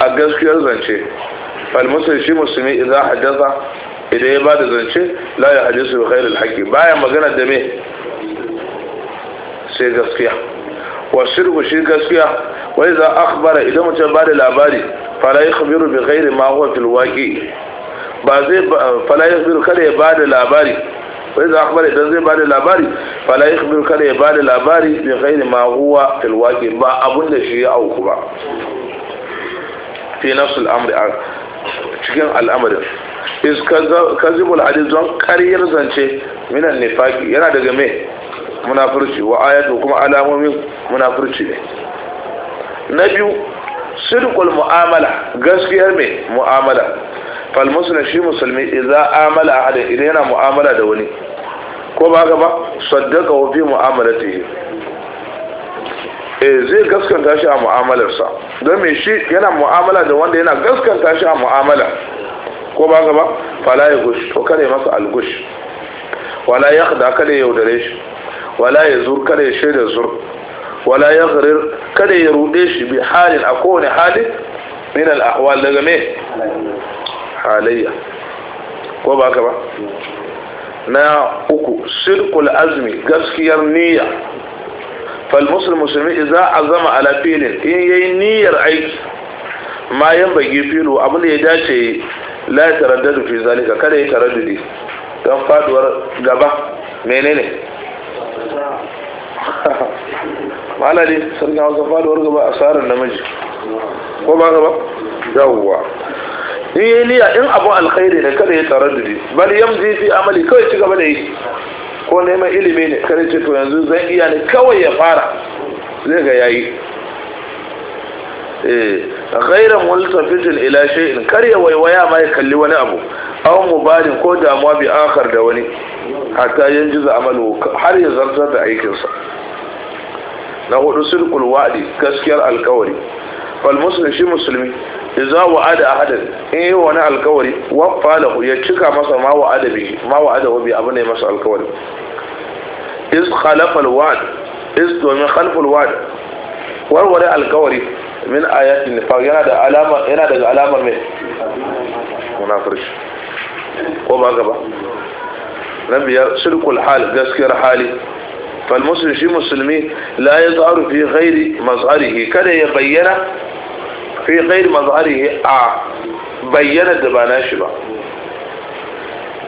a gaskiyar zance falmusar shi musulmi idan hajjaza idan ya da zance la ya hadisu khairul haƙi Bayan magana da me sai gaskiya wa sirku shi gaskiya Wai za a akhbara idan mutum da labari fala yakhbiru bai ghairi ma huwa fil ba zai falayin yakhbiru kada ya bada labari wani za akhbara idan zai da labari falayin yakhbiru kada ya bada labari bi ghairi ma huwa fil ba abun da shi ya auku ba fi nafs al a cikin al'amarin is kazibul hadith don kariyar zance minan nifaki yana daga me munafurci wa ayatu kuma alamomin munafurci ne na biyu sirkul mu'amala gaskiyar mai mu'amala fal muslim shi musulmi idza amala ahada idan yana mu'amala da wani ko ba haka ba saddaka wa fi mu'amalatihi eh zai gaskanta shi a mu'amalarsa don me shi yana mu'amala da wanda yana gaskanta shi a mu'amala ko ba gaba ba fala ya gush to kare masa algush wala ya khada kare ya yaudare shi wala ya zur kare ya shaida zur wala ya gharir kare ya rude shi bi halin a kowane halin min al daga me halayya ko ba ka ba na uku shirkul azmi gaskiyar niyya falmusul musulmi iza azama ala filin in yi niyyar aiki ma yan bagi filu abin da ya dace la ya taraddadu fi zalika kada ya taraddudi don faduwar gaba menene malali sarkin hausa faduwar gaba asarar namiji ko ba gaba yawwa in yi niyya in abu alkhairi ne kada ya taraddudi bal yamzi fi amali kawai ci gaba da yi ko neman ilimi ne kada ce to yanzu zan iya ne kawai ya fara zai ga yayi eh ghayra multafitin ila shay'in kar ya waiwaya ma ya kalli wani abu aw mubadin ko damuwa bi akhar da wani hatta yanzu za amalu har ya zartar da aikinsa na hudu sulkul wa'di gaskiyar alkawari fal muslim shi musulmi Iza wa ada a ahadan in yi wani alkawari waffa lahu ya cika masa ma wa'ada bi ma wa'ada bi abu ne masa alkawari is khalafa alwa'd is domin khalfa alwa'd warware alkawari min ayatin nifaq yana da alama yana daga alamar mai munafirci ko ba gaba na biyar shirkul hal gaskiyar hali falmusul shi musulmi la ya zaru fi ghairi mazharihi kada ya bayyana fi ghair mazharihi a bayyana da ba na shi ba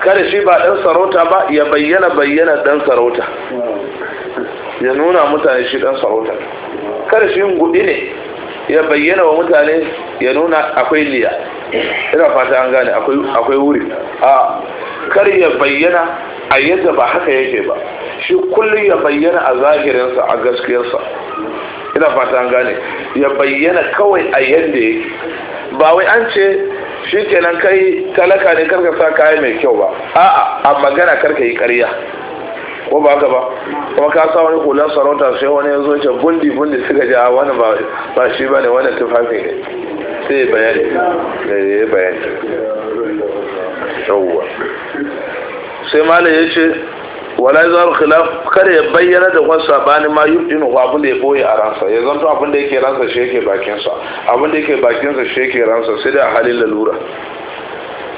kada shi ba dan sarauta ba ya bayyana bayyana dan sarauta ya nuna mutane shi dan sarauta kada shi gudi ne ya bayyana wa mutane ya nuna akwai liya ina fata an gane akwai wuri a kar ya bayyana a yadda ba haka yake ba shi kullum ya bayyana a zahirinsa a gaskiyarsa ina fata an gane ya bayyana kawai a yadda yake ba wai an ce shi kenan kai talaka ne karka sa kaya mai kyau ba a'a a magana karka yi karya ko ba haka ba kuma ka sa wani kulan sarauta sai wani ya zo ce bundi bundi suka ji a ah, wani ba shi ba ne wani tufafi ne sai bayani ya bayani yawwa sai malam ya ce wala ya zaru khilaf kada ya bayyana da wasu sabani ma yubdinu wa abin da ya boye a ransa ya zanto abin da yake ransa shi yake bakinsa abin da yake bakinsa shi yake ransa sai da halin lalura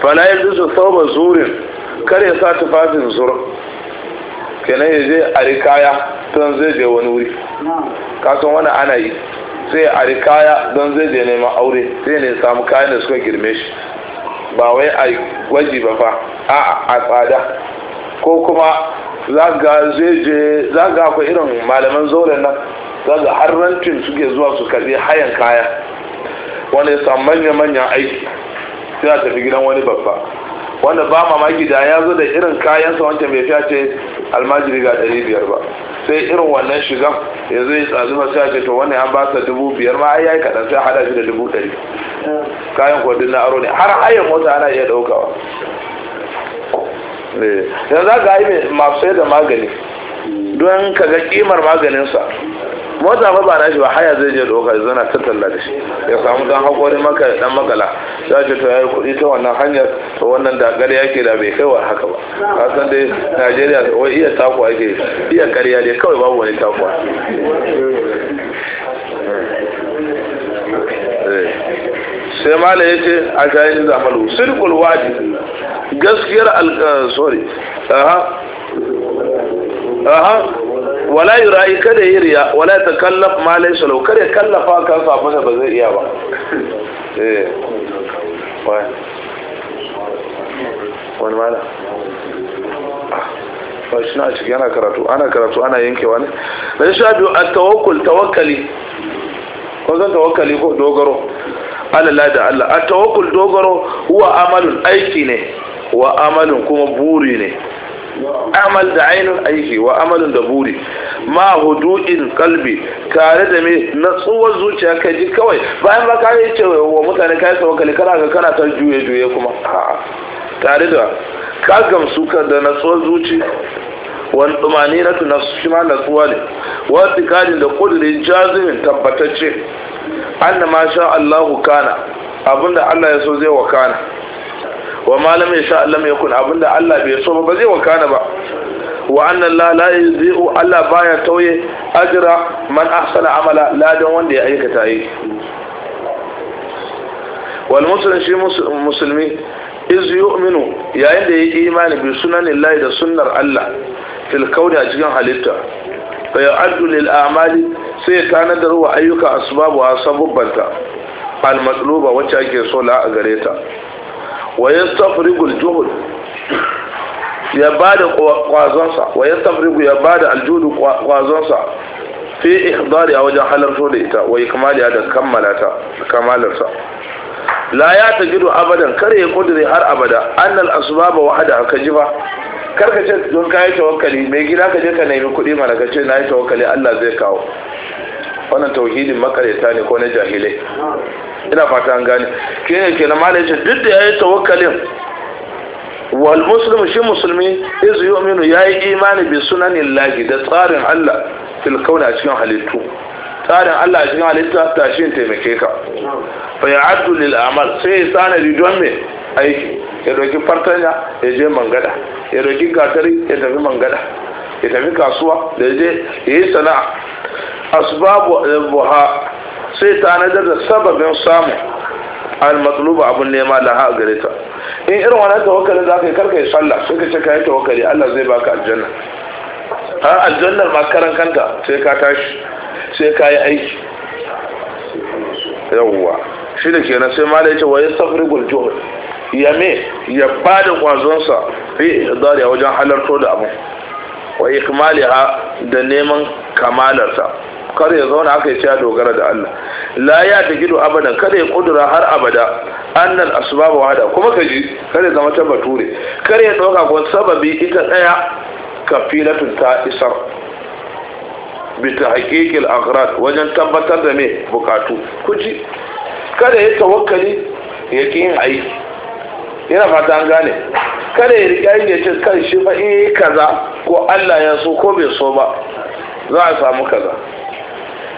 fala ya jisu sauba zurin kare ya sa tufafin zur kenan ya je a rikaya don zai je wani wuri kasan wani ana yi sai a rikaya don zai je neman aure sai ne samu kayan da suka girme shi ba wai a gwaji ba fa a a tsada ko kuma za ga zai je za ga ku irin malaman zauren nan za ga har rancin suke zuwa su karbi hayan kaya wanda ya samu manya-manyan aiki sai a tafi gidan wani babba wanda ba mamaki da ya zo da irin kayansa wancan bai fiya ce almajiri ga ɗari biyar ba sai irin wannan shigan ya zai tsazu ba sai ce to wannan an ba sa dubu biyar ma ai yayi kaɗan sai hada shi da dubu ɗari eh. kayan kwadin na aro ne har hayan mota ana iya ɗaukawa Eh, yanzu za ka yi masu da magani don ka ga kimar maganinsa mota ba ba nashi ba haya zai je doka ya zana tattalla da shi ya samu dan haƙori maka ya dan makala ya ce to yi kuɗi ta wannan hanyar ta wannan da gari yake da bai kaiwa haka ba ka san dai Najeriya wai iya takuwa ake iya ƙarya dai kawai babu wani takuwa eh. sai mala ya ce a kayan zamalu sirkul wadi gaskiyar eh, sorry aha aha wala yura'i kada yi riya wala ta kallaf ma laysa law kada kallafa kan sa ba zai iya ba eh. wani mala ba ah. shi na ciki ana karatu ana karatu ana yankewa ne da shi biyu a tawakkul tawakkali ko zan tawakkali ko dogaro alala da Allah a tawakul dogaro wa amalin aiki ne wa amalin kuma buri ne amal da ainihin aiki wa amalin da buri ma hudu'in kalbi tare da me natsuwar zuciya ka ji kawai bayan ba kare ce wa mutane kai tawakkali kana ga kana ta juye juye kuma tare da ka gamsu ka da natsuwar zuciya. wani tsumani na tunasu shi ma natsuwa ne wani kadin da kudurin jazimin tabbatacce an da masha allahu kana abinda allah ya so zai wa kana wa malam ya sha allah mai kun abinda allah bai so ba zai wa kana ba wa annan la la yuzi'u allah baya tauye ajira man ahsana amala ladan wanda ya aikata yi wal musulmi shi musulmi iz yu'minu yayin da yake imani bi sunanillahi da sunnar allah kauni a cikin halitta fa addu lil amali sai ya tanadar wa ayyuka asbabu wa sabubbanta al matluba wacce ake so la a gare ta wa yastafrigu al juhud ya bada kwazonsa wa yastafrigu ya bada al juhud kwazonsa fi ihdari a wajen so da ita wa ikmali da kammalata kamalarsa la ya tajidu abadan kare ya kudure har abada annal asbaba wahada ka jifa karka ce don ka yi tawakkali mai gida ka je ka nemi kuɗi mana ka ce na yi tawakkali allah zai kawo wannan tauhidin makareta ne ko na jahilai ina fata an gane ke ne ke na malai ce duk da ya yi tawakkalin wal muslim shi musulmi izu yu'minu ya yi imani bi sunanin lahi da tsarin allah fil kauna cikin halittu tsarin Allah ma lissa ta shi taimake ka fa addu lil amal sai ya di don me aiki ya doki fartanya ya je mangada ya doki gatari ya tafi mangada ya tafi kasuwa da je ya yi sana'a asbabu buha sai ta nazar da sababin samu al-matluba abun nema laha gare ta in irin wani tawakkali za ka yi karka yi sallah sai ka ce ka yi tawakkali Allah zai baka aljanna har aljannar ma karan kanta sai ka tashi sai ka yi aiki yawwa shi da kenan sai malai ce waye safri guljuhud ya me ya ba da kwazonsa fi a wajen halarto da abu wa ha da neman kamalarsa kar ya zauna aka yi ya dogara da Allah la ya ta gido abadan kada ya kudura har abada annal asbab wahada kuma kaji kada ya zama ta bature kada ya dauka kun sababi ita daya kafilatun ta isar bita haƙiƙil aghrad wajen tabbatar da me bukatu kuji kada ya tawakkali ya ƙi yin aiki yana fata an gane kada ya riƙa yin ya ce kan shi fa in yi kaza ko Allah ya so ko bai so ba za a samu kaza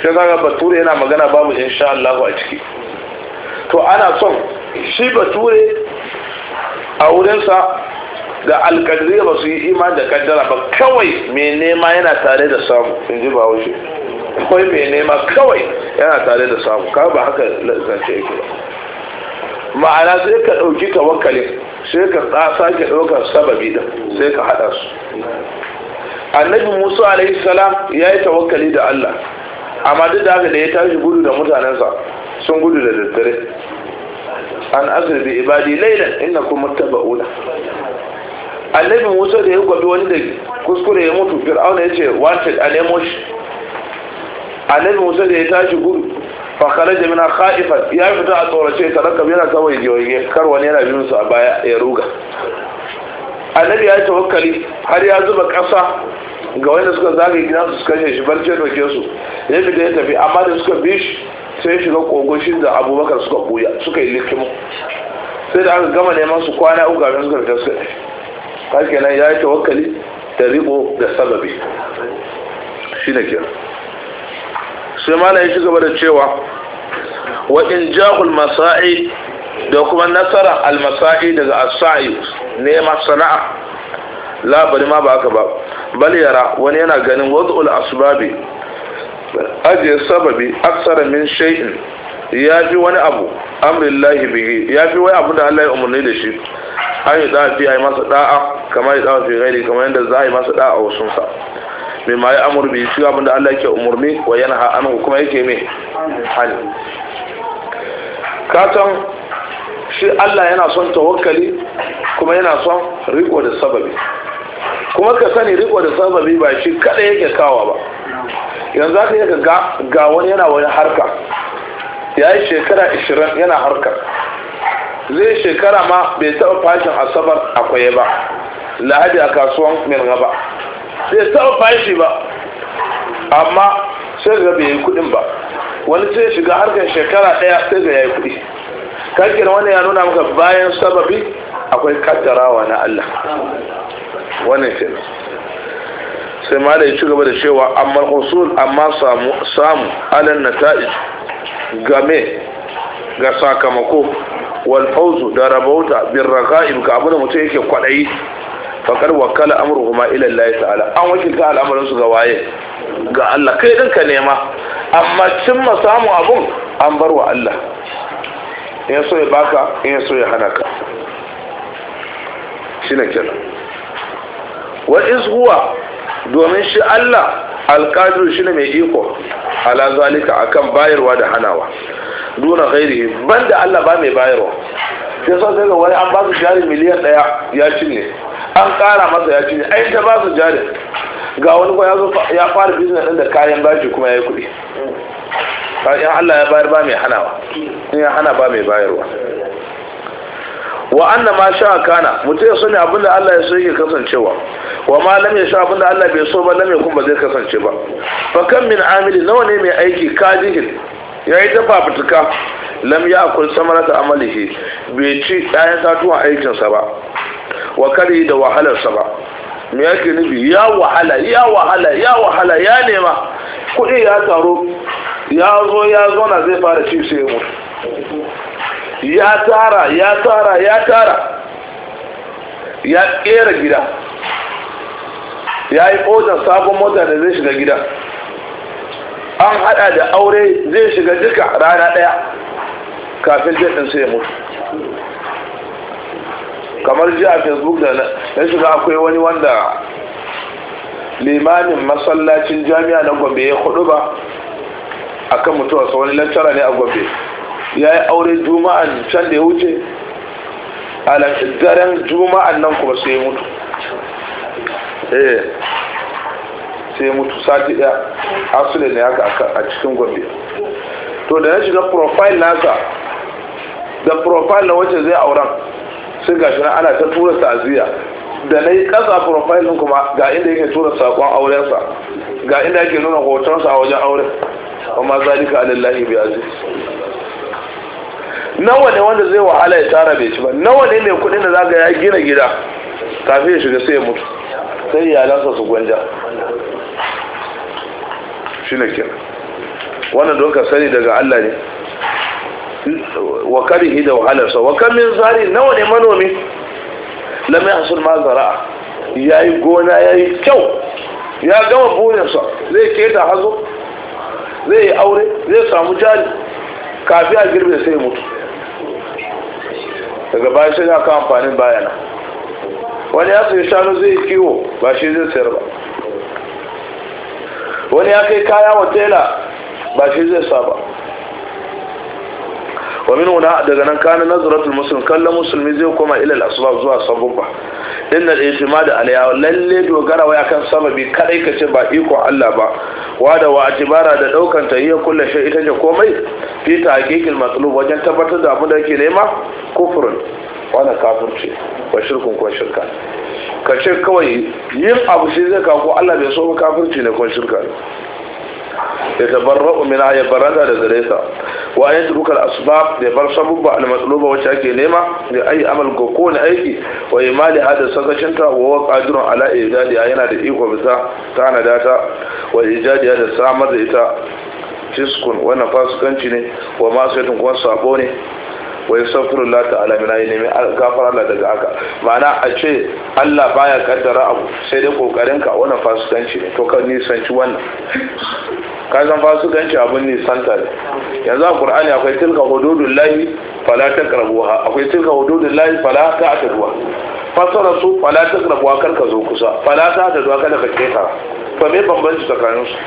shi ga bature yana magana babu insha Allah a ciki to ana son shi bature a wurinsa da alkadiriya ba su yi iman da kaddara ba kawai mai nema yana tare da samu in ji ba wuce kawai mai nema kawai yana tare da samu kawai ba haka zance yake ba ma'ana sai ka ɗauki tawakkalin sai ka sake ɗaukar sababi da sai ka haɗa su annabi musa alaihi salam ya yi tawakkali da allah amma duk da da ya tashi gudu da mutanensa sun gudu da daddare an asir bi ibadi lailan kuma taba'una annabi musa da ya gwabi wani da kuskure ya mutu fir'auna ya ce wanted a nemo shi musa da ya tashi gudu fakare da mina ya fita a tsorace tarakam yana kawai gewage, kar wani yana biyun su a baya ya ruga annabi ya yi tawakkali har ya zuba ƙasa ga wanda suka zagaye gina su kashe shi barce doke su ya fita ya tafi amma da suka bi shi sai shiga kogoshin da abubakar suka buya suka yi likimu sai da aka gama neman su kwana uku kafin suka fita suka tafi kake nan ya yi wakali da riko da sababi shi ne sai ma ya ci gaba da cewa wa in jahul masa'i da kuma nasara almasa'i daga asa'i nema sana'a labari ma ba ba bal yara wani yana ganin wadul asbabi ajiye sababi aksara min shay'in ya fi wani abu amrillahi bihi ya fi wani abu da Allah umarni da shi an yi fi a yi masa da'a kamar yi fi gairi kamar yadda za a yi masa da'a wasunsa mai ma ya amur bi shi abinda Allah yake umurni wa yana ha'an kuma yake mai hali katon shi Allah yana son tawakkali kuma yana son riko da sababi kuma ka sani riko da sababi ba shi kada yake kawa ba yanzu ka yi ga wani yana wani harka ya yi shekara 20 yana harkar zai shekara ma bai taɓa fashin asabar a ba lahadi a kasuwan mirga ba bai taɓa fashi ba amma sai ga bai yi kuɗin ba wani sai shiga harkar shekara ɗaya sai ga yayi yi kuɗi kakira wani ya nuna maka bayan sababi akwai kaddarawa na Allah wannan kenan sai ma da ya ci gaba da cewa amma usul amma samu samu alal nata'ij game ga sakamako walfauzu da rabauta bin raga'ib ga abin da mutum yake kwaɗayi. fakar wakala kuma ilan layi ta'ala an wakilta al'amarin su ga waye ga Allah kai ka nema amma cimma samu abun an bar wa Allah in so ya baka in so ya hana ka na kenan wa iz huwa domin shi Allah shi ne mai iko ala zalika akan bayarwa da hanawa duna ban banda Allah ba mai bayarwa sai so sai ga wani an ba su jari miliyan daya ya cinye an kara masa ya cinye ai ta ba su jari ga wani ko ya fara business din da kayan bashi kuma ya yi kuɗi in Allah ya bayar ba mai hanawa in ya hana ba mai bayarwa wa anna ma sha kana mutum ya sani abinda Allah ya so yake kasancewa wa ma lam ya sha abinda Allah bai so ba lam kuma ba zai kasance ba fa kam min amili nawa ne mai aiki kajihin ya yi dafa fituka lam ya akul samarata amalihi bai ci ɗayan satuwan aikinsa ba wa kare da wahalarsa ba mai yake nufi ya wahala ya wahala ya wahala ya nema kuɗi ya taro ya zo ya zo na zai fara ci sai mu ya tara ya tara ya tara ya ƙera gida ya yi ojan sabon mota da zai shiga gida an hada da aure zai shiga duka rana daya kafin jaɗin sai mutu kamar ji a facebook da na shiga akwai wani wanda limanin masallacin jami'a na gombe ya kudu ba a kan mutuwarsa wani lantara ne a gombe ya yi aure juma'an can da ya wuce a daren juma'an nan kuma sai ya mutu eh. sai ya mutu sati daya asule ne haka a cikin gombe to da na shiga profile nasa da profile na wacce zai auren sai ga shi ana ta tura sa aziya da na yi kasa profile din kuma ga inda yake tura auren aurensa ga inda yake nuna hotonsa a wajen auren amma zalika alillahi bi aziz nawa ne wanda zai wahala ya tara bai ci ba nawa ne mai kuɗin da zaka ya gina gida kafin ya shiga sai ya mutu sai iyalansa su gwanja ne kira wannan don ka sani daga Allah ne wa karihi da wahalarsa wa kan min zari nawa ne manomi Lami yahsul ma ya yi gona ya yi kyau ya gama burinsa zai keta hazo zai yi aure zai samu jari kafi a girbe sai mutu daga baya sai ya kawo amfanin bayana wani ya sayi shanu zai kiwo ba shi zai sayar ba wani ya kai kaya wa tela ba shi zai sa wa min wuna daga nan kanin nazaratul musulmi kallon musulmi zai koma ba. al-asbab zuwa sabubba innal da alayawa lalle dogara wa saba kan sababi kadai ce ba iko Allah ba wa da wa atibara da daukan ta iya kullu shi ita ce komai fi hakikin matsalu wajen tabbatar da abin da yake nema kufurin wani kafurci wa shirkun ko shirka ka ce kawai yin abu shi zai kako Allah bai so kafirci ne kun shirka ya tabarra'u min ya baranda da gare ta wa an yadruka asbab da bar sabubba al-matluba wacce ake nema da ayi amal ko ko aiki wa imali hada sakacin ta wa qadirun ala ijadi yana da iko bisa tana data wa ijadi da samar da ita fiskun wannan fasukanci ne wa masu yadda kuma sabo ne wa yastaghfiru Allah ta'ala min ayi nemi gafara Allah daga haka ma'ana a ce Allah baya kaddara abu sai dai kokarin ka wannan fasikanci ne to ka nisanci wannan ka san fasukanci abun nisanta ne yanzu a Qur'ani akwai tilka hududullahi fala taqrabuha akwai tilka hududullahi fala ta'tadwa fasara su fala taqrabuha kar ka zo kusa fala ta'taduha kada ka keta to me bambanci tsakaninsu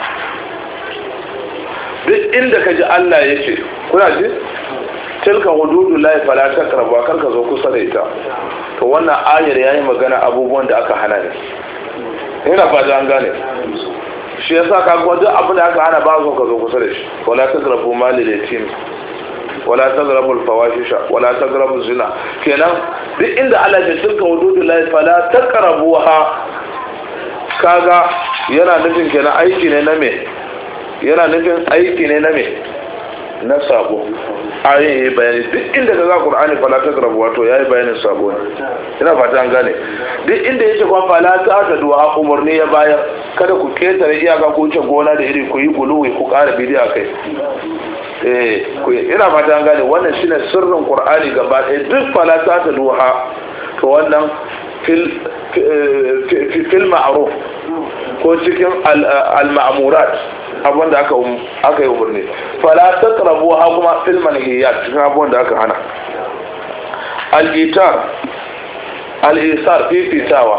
duk inda ka ji Allah ya ce kuna ji tilka hududu lai fala takraba kar ka zo kusa da ita to wannan ayar yayi magana abubuwan da aka hana ne ina fata an gane shi yasa ka ga duk abin da aka hana ba zo ka zo kusa da shi wala takrabu mali yatim wala takrabu alfawahisha wala takrabu zina kenan duk inda Allah ya tilka hududu lai fala takrabuha kaga yana nufin kenan aiki ne na me yana nufin aiki ne na me na sabo a yi bayani duk inda ka za Kur'ani falata ta rabu wato ya yi bayanin sabo ne ina fata an gane duk inda yake kuma fala ta ta duwa umarni ya bayar kada ku ketare iyaka ko wuce gona da iri ku yi guluwi ku ƙara bidiya kai eh, ina fata an gane wannan shine sirrin Kur'ani gaba ɗaya duk falata ta ta duwa to wannan eh, fil ma'ruf ko cikin al-ma'murat abin da aka um, yi umarni fala taqrabuha kuma filman manhiyat cikin abubuwan da aka hana al-itar al fifitawa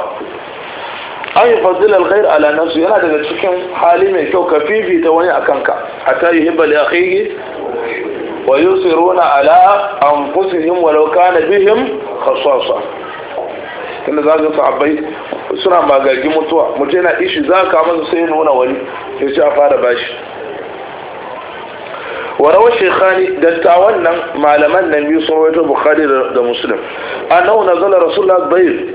an yi fadilar ghair ala nafsu yana daga cikin hali mai kyau ka fifita wani a kanka hatta yuhibba li akhihi wa yusiruna ala anfusihim walauka na bihim khasasa tunda za ga sahabbai suna magagi mutuwa mutum yana ishi za ka masa sai nuna wani ya ce a fara bashi wa rawar shekhani dattawan wannan malaman nan biyu sun rawaito bukhari da muslim annahu nazala rasulullah bayr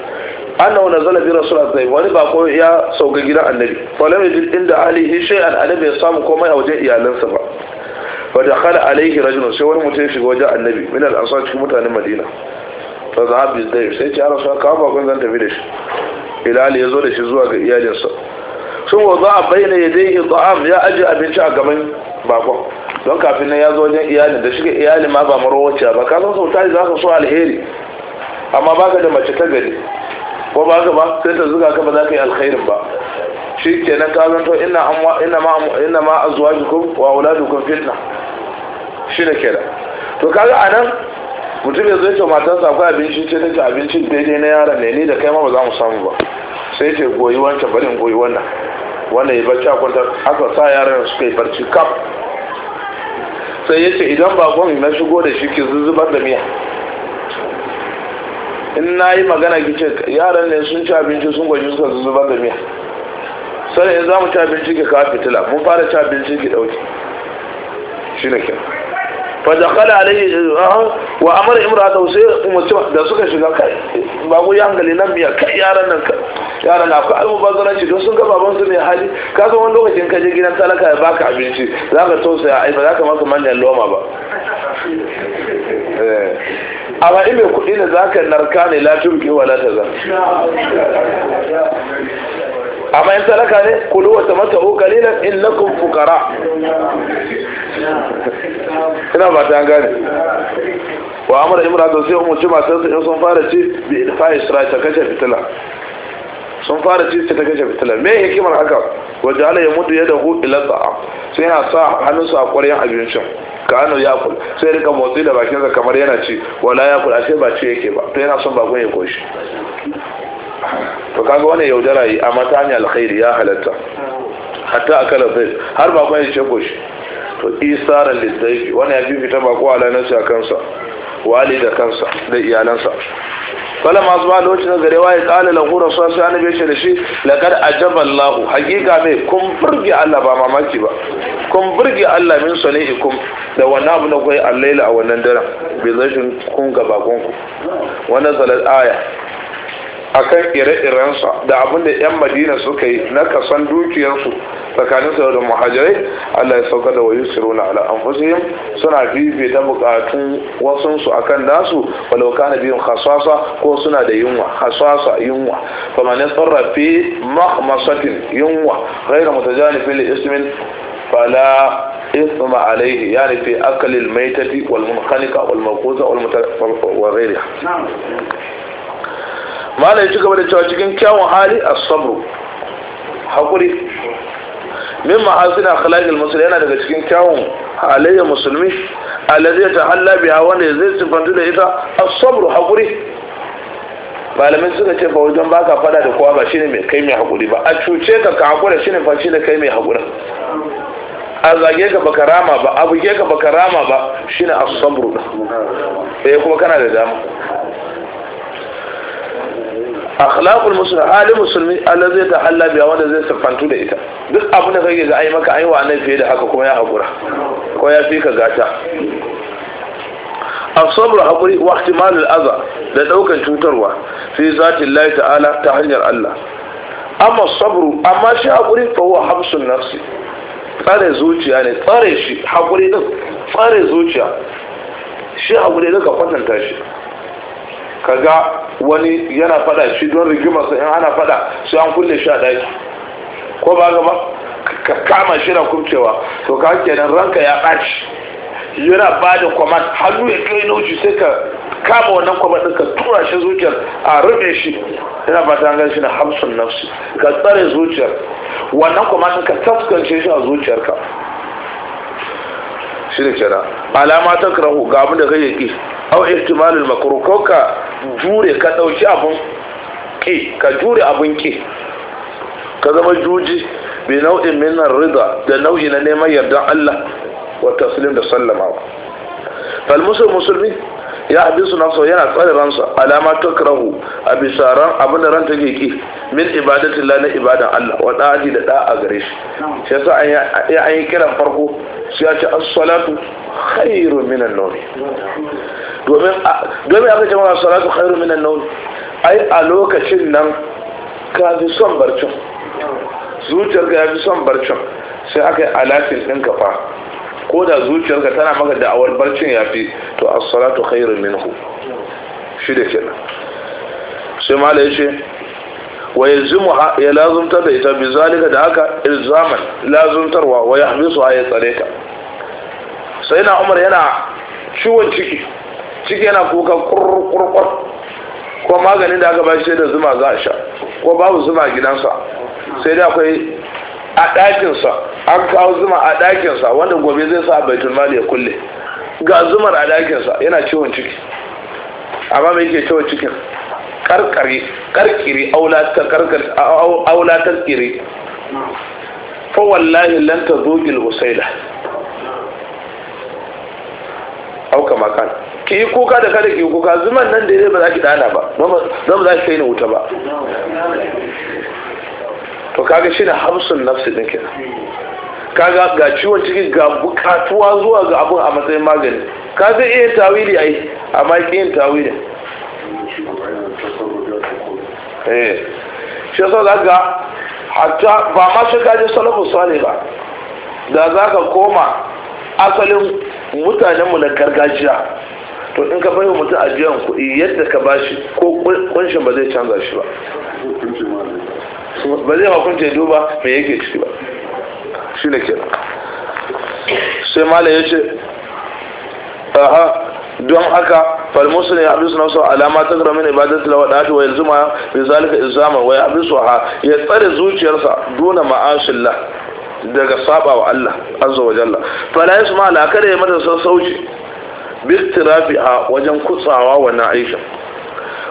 annahu nazala bi rasulullah bayr wani bako ya sauka gidan annabi falam yajid inda alihi shay'an annabi ya samu komai a wajen iyalansa ba fa dakhala alaihi rajulun sai wani mutum ya shiga wajen annabi min al-ansar cikin mutanen madina fa zahab bi dayr sai ya rasulullah ka ba kun zan tafi da shi bilal ya zo da shi zuwa ga iyalinsa sun wa za a bayyana ya dai ta'am ya aje abinci a gaban bakon don kafin nan ya zo wajen iyali, da shiga iyali ma ba marowaciya ba ka san sautari za ka so alheri amma baka da mace ta gari ko ba ka ba sai ta zuga ka ba za ka yi alkhairin ba shi ke nan ka zanto ina ma a zuwa jikun wa jikun fitna shi ke da. to kaga anan mutum ya zai ce matarsa akwai abinci ce nake abincin daidai na yara ne ni da kai ma ba za mu samu ba sai ce goyi wancan bari in goyi wannan wannan ya barci a kwantar aka sa yaran suka yi barci kaf sai ya ce idan bakon na shigo da shi ki zuzubar da miya in na yi magana ki ce yaran ne sun ci abinci sun gwaji suka zuzubar da miya sai in za mu ci abinci ki kawo fitila mun fara ci abinci ki ɗauki shi ne kyau fa alaihi alayhi wa amara imra'atahu sai umarci da suka shiga kai babu ya hankali nan miya kai yaran nan yaran na ku almubazzaranci don sun ga baban su mai hali ka san wani lokacin ka je gidan talaka ya baka abinci za ka tausaya ai ba za ka masu manyan loma ba eh. amma in mai kuɗi ne za ka narka ne la ke wa la tazar amma in talaka ne kulu wa tamata o kalilan in lakum fukara ina ba ta gane wa amara imratu sai umarci matarsa sai sun fara ci bi idfa'i isra ta kashe fitila sun fara ci ta kashe fitila me hikimar haka waje ala ya mutu ya dahu ila sa'a sai ya sa hannunsa a ƙwaryan abincin ka ya kula sai rika motsi da bakinsa kamar yana ci wala ya kula sai ba ci yake ba to yana son bakon ya koshi to kaga wani yaudara yi amma ta alkhairi ya halatta hatta akala bai har bakon ya ce koshi to isaran littafi wani ya fita bako ala nasi a kansa wali da kansa da iyalansa kala masu ba lokacin gare wa ya kala lahu sa sai annabi ya da shi laqad ajaba Allah hakika me kun burge Allah ba mamaki ba kun burge Allah min salihikum da wannan abu na koyi allaila a wannan daren bai zai kun gaba wannan salat aya akan ire-irensa da abin da 'yan madina suka yi na kasan dukiyarsu tsakanin su da muhajirai allah ya sauka da wayu siruna ala anfusihim suna da bukatun wasunsu akan nasu walau kana biyun hasasa ko suna da yunwa hasasa yunwa fa man yasarra fi mahmasatin yunwa ghayra mutajanifin li ismin fala إثم عليه يعني في أكل الميتة والمنخنقة والموقوزة وغيرها نعم malai ci gaba da cewa cikin kyawun hali a sabu haƙuri min mahasin akhlaqil musulmi yana daga cikin kyawun halayyar musulmi ta tahalla biha wanda zai sifantu da ita a sabu haƙuri malamin suka ce ba wajen baka fada da kowa ba shine mai kai mai haƙuri ba a cuce ka ka haƙura shine fa shine kai mai haƙuri a zage ka baka rama ba a buge ka baka rama ba shine a sabr eh kuma kana da dama akhlaqul muslim halin musulmi allazi ta halla biya wanda zai sifantu da ita duk abin da kake ga ai maka ai wa nan fiye da haka kuma ya hakura ko ya fi ka gata adha da daukan الأذى fi zati في ta'ala ta hanyar allah amma أما amma shi hakuri fa huwa habsun nafsi, tsare zuciya ne tsare shi hakuri din tsare zuciya shi hakuri da ka kwatanta shi kaga wani yana fada shi don rigimar sa in ana fada sai an kulle shi a daki ko ba gaba ka kama shi na kumcewa to ka kenan ranka ya ɓaci yana ba da kwaman hannu ya kai nauci sai ka kama wannan kwaman ka tura shi zuciyar a rufe shi yana ba ta shi na hamsin nafsi ka tsare zuciyar wannan kwaman ka taskance shi a zuciyarka shi da kira alama ta kirahu ga abin da kai ya ki au ihtimalul makruh ko ka jure ka dauki abun ki ka jure abun ki ka zama juji bi nau'in min rida da nau'i na neman yarda Allah wa taslim da sallama fal musulmi ya hadisu nafsa yana tsare ransa alama ta kirahu a bisa ran abin da ranta take ki min ibadatin la na ibadan Allah wa da'ati da da'a gare shi shi sa an yi kiran farko sai ya ce asalatu salatu khairun min an domin aka ce mana as-salatu khairun min an ai a lokacin nan ka fi son barcin zuciyarka ya fi son barcin sai aka yi alatin ka fa ko da zuciyarka tana maka da'awar barcin ya fi to asalatu salatu khairun minhu shi da kenan sai malai ce wa yalzimu ya lazumtar da ita bizalika zalika da haka ilzaman lazumtarwa wa yahbisu ya tsare ta sai na umar yana ciwon ciki ciki yana kuka kurkurkur ko maganin da aka bashi sai da zuma za a sha ko babu zuma gidansa sai da akwai a ɗakinsa an kawo zuma a ɗakinsa wanda gobe zai sa baitul mali ya kulle ga zumar a ɗakinsa yana ciwon ciki amma mai ke ciwon cikin karkare karkire aula ta karkare aula kire fa wallahi lan tazugil usaila au kama kan ki yi kuka da kada ki yi kuka zuman nan da ba za ki dana ba don ba za ki kai ni wuta ba to kaga shi ne hamsin nafsi din kenan kaga ga ciwon ciki ga bukatuwa zuwa ga abun a matsayin magani ka zai iya tawili ai yi amma ki yin tawili eh shi yasa za ga hatta ba ma shi gaji salafus salih ba da za ka koma asalin mutanenmu na gargajiya to in ka bai wa mutum ajiyar kuɗi yadda ka ba shi ko kunshin ba zai canza shi ba ba zai makunce duba me yake ciki ba shi ne kenan sai mala ce aha don haka fal abin ya abisu nafsu alama ta gara min ibadatu la wadatu wa ma bi zalika izama wa ya ha ya tsare zuciyarsa duna la daga saba wa Allah azza wa jalla fala ma ala kada ya mata sassauci bi tirafiha wajen kutsawa wannan aikin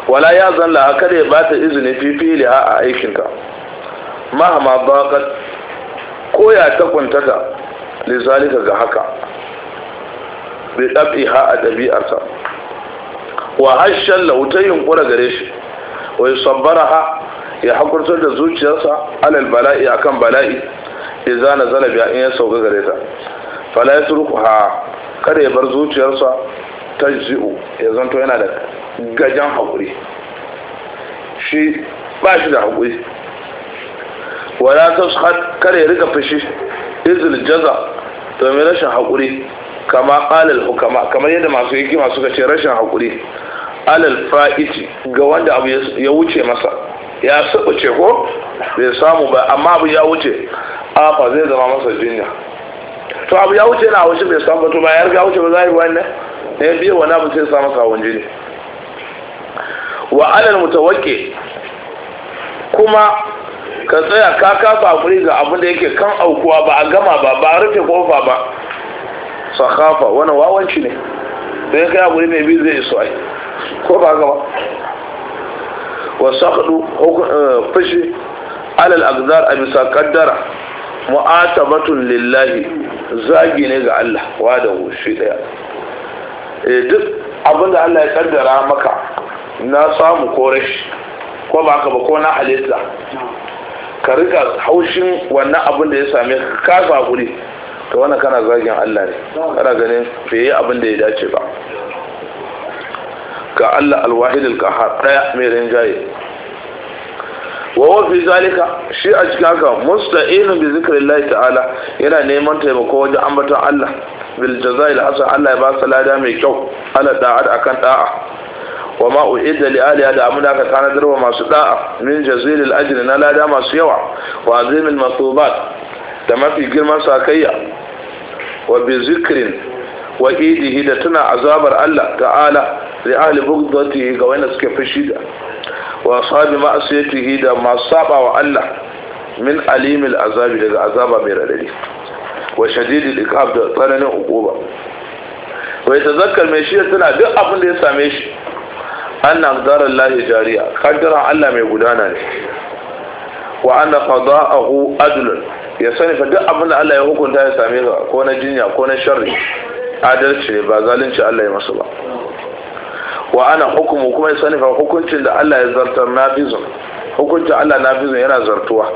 wala ya zalla kada ya bata izini fifili fili a ma mahama baqat koya ta kuntata lizalika ga haka bi ɗabi'a a ɗabi'arsa wa hashen lauta yunkura gare shi wa yi sabbara ha ya hakurtar da zuciyarsa alal bala'i akan bala'i ya zana zana biya in ya sauka gare ta fala ya turku ha kada ya bar zuciyarsa ta ji'u ya zanto yana da gajan haƙuri shi ba shi da haƙuri wala ta kada ya rika fushi izil jaza domin rashin haƙuri kama alal hukama kamar yadda masu hikima suka ce rashin hakuri alal fa'iti ga wanda abu ya wuce masa ya sabuce ko bai samu ba amma abu ya wuce afa zai zama masa jinya to abu ya wuce na wuce bai samu ba to ba ya riga wuce ba za yi wannan ne biye wani abu sai samu sawon jini wa alal mutawakke kuma ka tsaya ka kasa hakuri ga abin da yake kan aukuwa ba a gama ba ba a rufe kofa ba sakafa wani wawanci ne sai kai abu mai biyu zai iso ai ko ba gaba wa sakadu eh, fashi alal aqdar a bisa kaddara mu'atabatun lillahi zagi ne ga Allah wa eh, da shi daya duk abinda Allah ya kaddara maka na samu ko rashi ko ba ka ba ko na halitta ka rika haushin wannan abin da ya same ka ka guri to wannan kana zagin Allah ne kana ganin bai yi abin da ya dace ba ga Allah alwahid alqahar daya mai rinjaye wa huwa fi zalika shi a cikin haka musta'inu bi zikrillah ta'ala yana neman taimako wajen ambaton Allah bil jazai hasan Allah ya ba sa lada mai kyau ala da'at akan da'a wa ma u'idda li aliya da amuna ka tanadar wa masu da'a min jazilil ajri na lada masu yawa wa azimil masubat da mafi girman sakayya wa bi zikrin wa idihi da azabar Allah ta'ala li ahli bughdatihi ga wani suke fushi da wa sabi ma'asiyatihi da masu saba wa Allah min alimil azabi daga azaba mai radadi wa shadidil iqab da tsananin uquba wa yatazakkar mai shi tana duk abin da ya same shi anna qadarallahi jariya qadara Allah mai gudana ne wa anna qada'ahu adlun ya sani fa duk abin da Allah ya hukunta ya same ka ko na jinya ko na sharri adalci ne ba zalunci Allah ya masa ba wa ana hukumu kuma ya sani fa hukuncin da Allah ya zartar na nafizun hukuncin Allah na nafizun yana zartuwa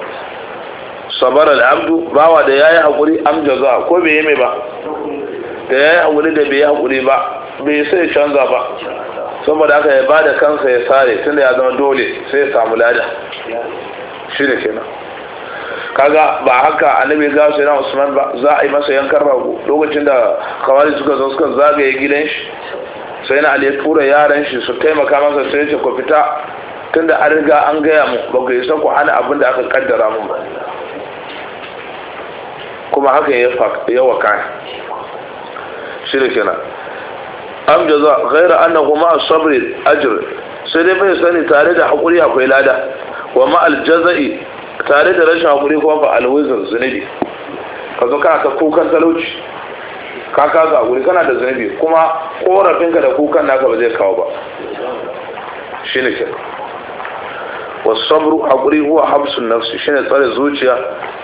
sabar al'abdu bawa da yayi hakuri am jaza ko bai yi ba da yayi hakuri da bai yi hakuri ba bai sai canza ba saboda haka ya bada kansa ya sare tunda ya zama dole sai ya samu lada shi ne kenan kaga ba haka annabi ga sai na usman ba za a yi masa yankan rago lokacin da kawali suka zo suka zagaye gidan shi sai na ali tura yaran shi su taimaka masa sai ce ku fita tunda an riga an gaya mu ba ku isa ku hana abin da aka kaddara mu ba kuma haka ya waka shi da kenan am jaza ghaira annahu ma sabri ajr sai dai bai sani tare da hakuri akwai lada wa ma aljaza'i tare da rashin hakuri kuma ba alwizin zunubi ka zo kana ta kukan talauci ka kaga hakuri kana da zunubi kuma korafinka da kukan naka ba zai kawo ba shi ne ke wasabru hakuri huwa habsun nafsi shine tsare zuciya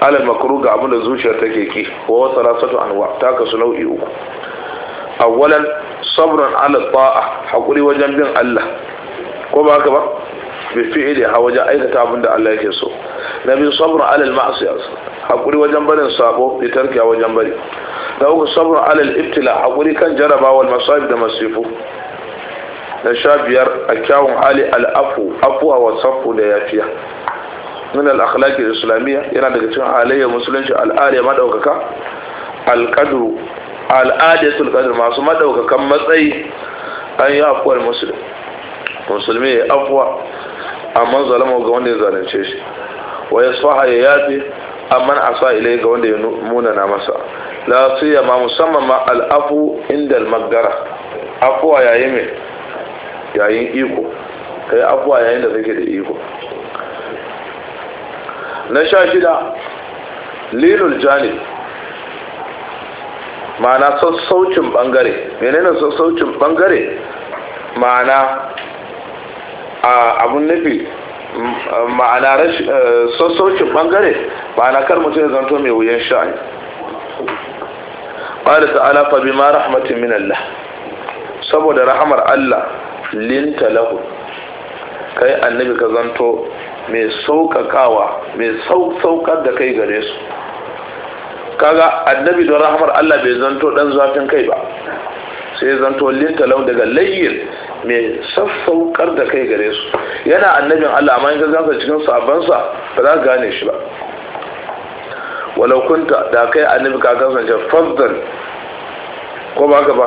alal makru ga abin da zuciyar take ki wa rasatu anwa ta kasu nau'i uku awwalan sabrun ala ta'a hakuri wajen bin Allah ko ba haka ba bi fi'ili ha wajen aikata abin da Allah yake so na biyu sabrun alal ma'asiya hakuri wajen barin sabo bi tarkiya wajen bari na uku sabrun alal ibtila hakuri kan jarabawal masa'ib da masifu na sha biyar a kyawun hali al'afu afuwa wa safu da yafiya min al-akhlaqi islamiyya yana daga cikin halayyar musulunci al'ada madaukaka al-qadru al'adatul qadr masu madaukakan matsayi an yi afuwar musulmi musulmi ya afuwa amma zalama ga wanda ya zalunce shi wa yasfaha ya yafi amma asa ilai ga wanda ya muna na masa la siya ma musamman ma al'afu inda al-maggara afuwa yayin me yayin iko kai afuwa yayin da zai da iko na sha shida lilul janib ma'ana sassaucin bangare menene sassaucin bangare ma'ana abun nufi ma'ana eh, sassaucin bangare na kar mutum ya zanto mai wuyan sha'ani da ta'ala fa bi ma rahmatin min Allah saboda rahamar Allah linta lahu kai annabi ka zanto mai sauƙaƙawa mai sauƙaƙar da kai gare su kaga annabi don rahamar Allah bai zanto dan zafin kai ba sai zanto linta lahu daga layyin mai sassaukar da kai gare su yana annabin Allah amma in ka cikin sabansa ba za ka gane shi ba walau kunta da kai annabi ka kasance fazdan ko ba ka ba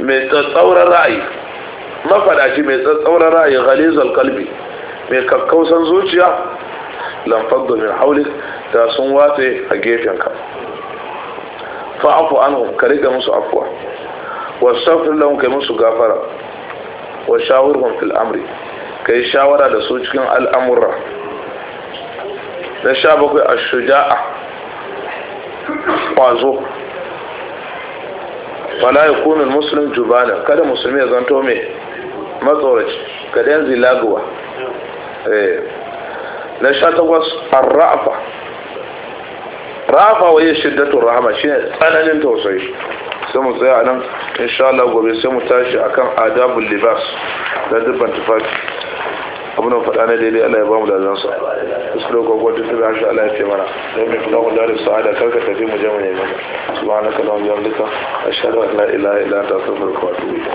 mai tsatsauran ra'ayi mai tsatsauran ra'ayi ghalizal kalbi mai kakkausan zuciya lamfaddu min haulik da sun watse a gefenka fa'afu anhu ka riga musu afuwa wasafirin lahun kai musu gafara wa shawurhun fil amri ka yi shawara da su cikin al'amura, na sha bakwai a shuja'a kwazo wala ya kunin musulun jubana kada musulmi ya zanto mai matsoraci kada yanzu laguwa eh. na sha takwas a ra'afa ra'afa wa yi shiddatun rahama shine tsananin tausayi sai mu tsaya nan insha Allah gobe sai mu tashi akan adabul libas da dubban tufafi abin da faɗa na daidai Allah ya ba mu da zansa wasu da gwagwa duk da shi Allah ya ce mana don mai kula kula da sa'ada karka tafi mu je mu nemi subhanaka wa bihamdika ashhadu an la ilaha illa anta astaghfiruka wa atubu ilayk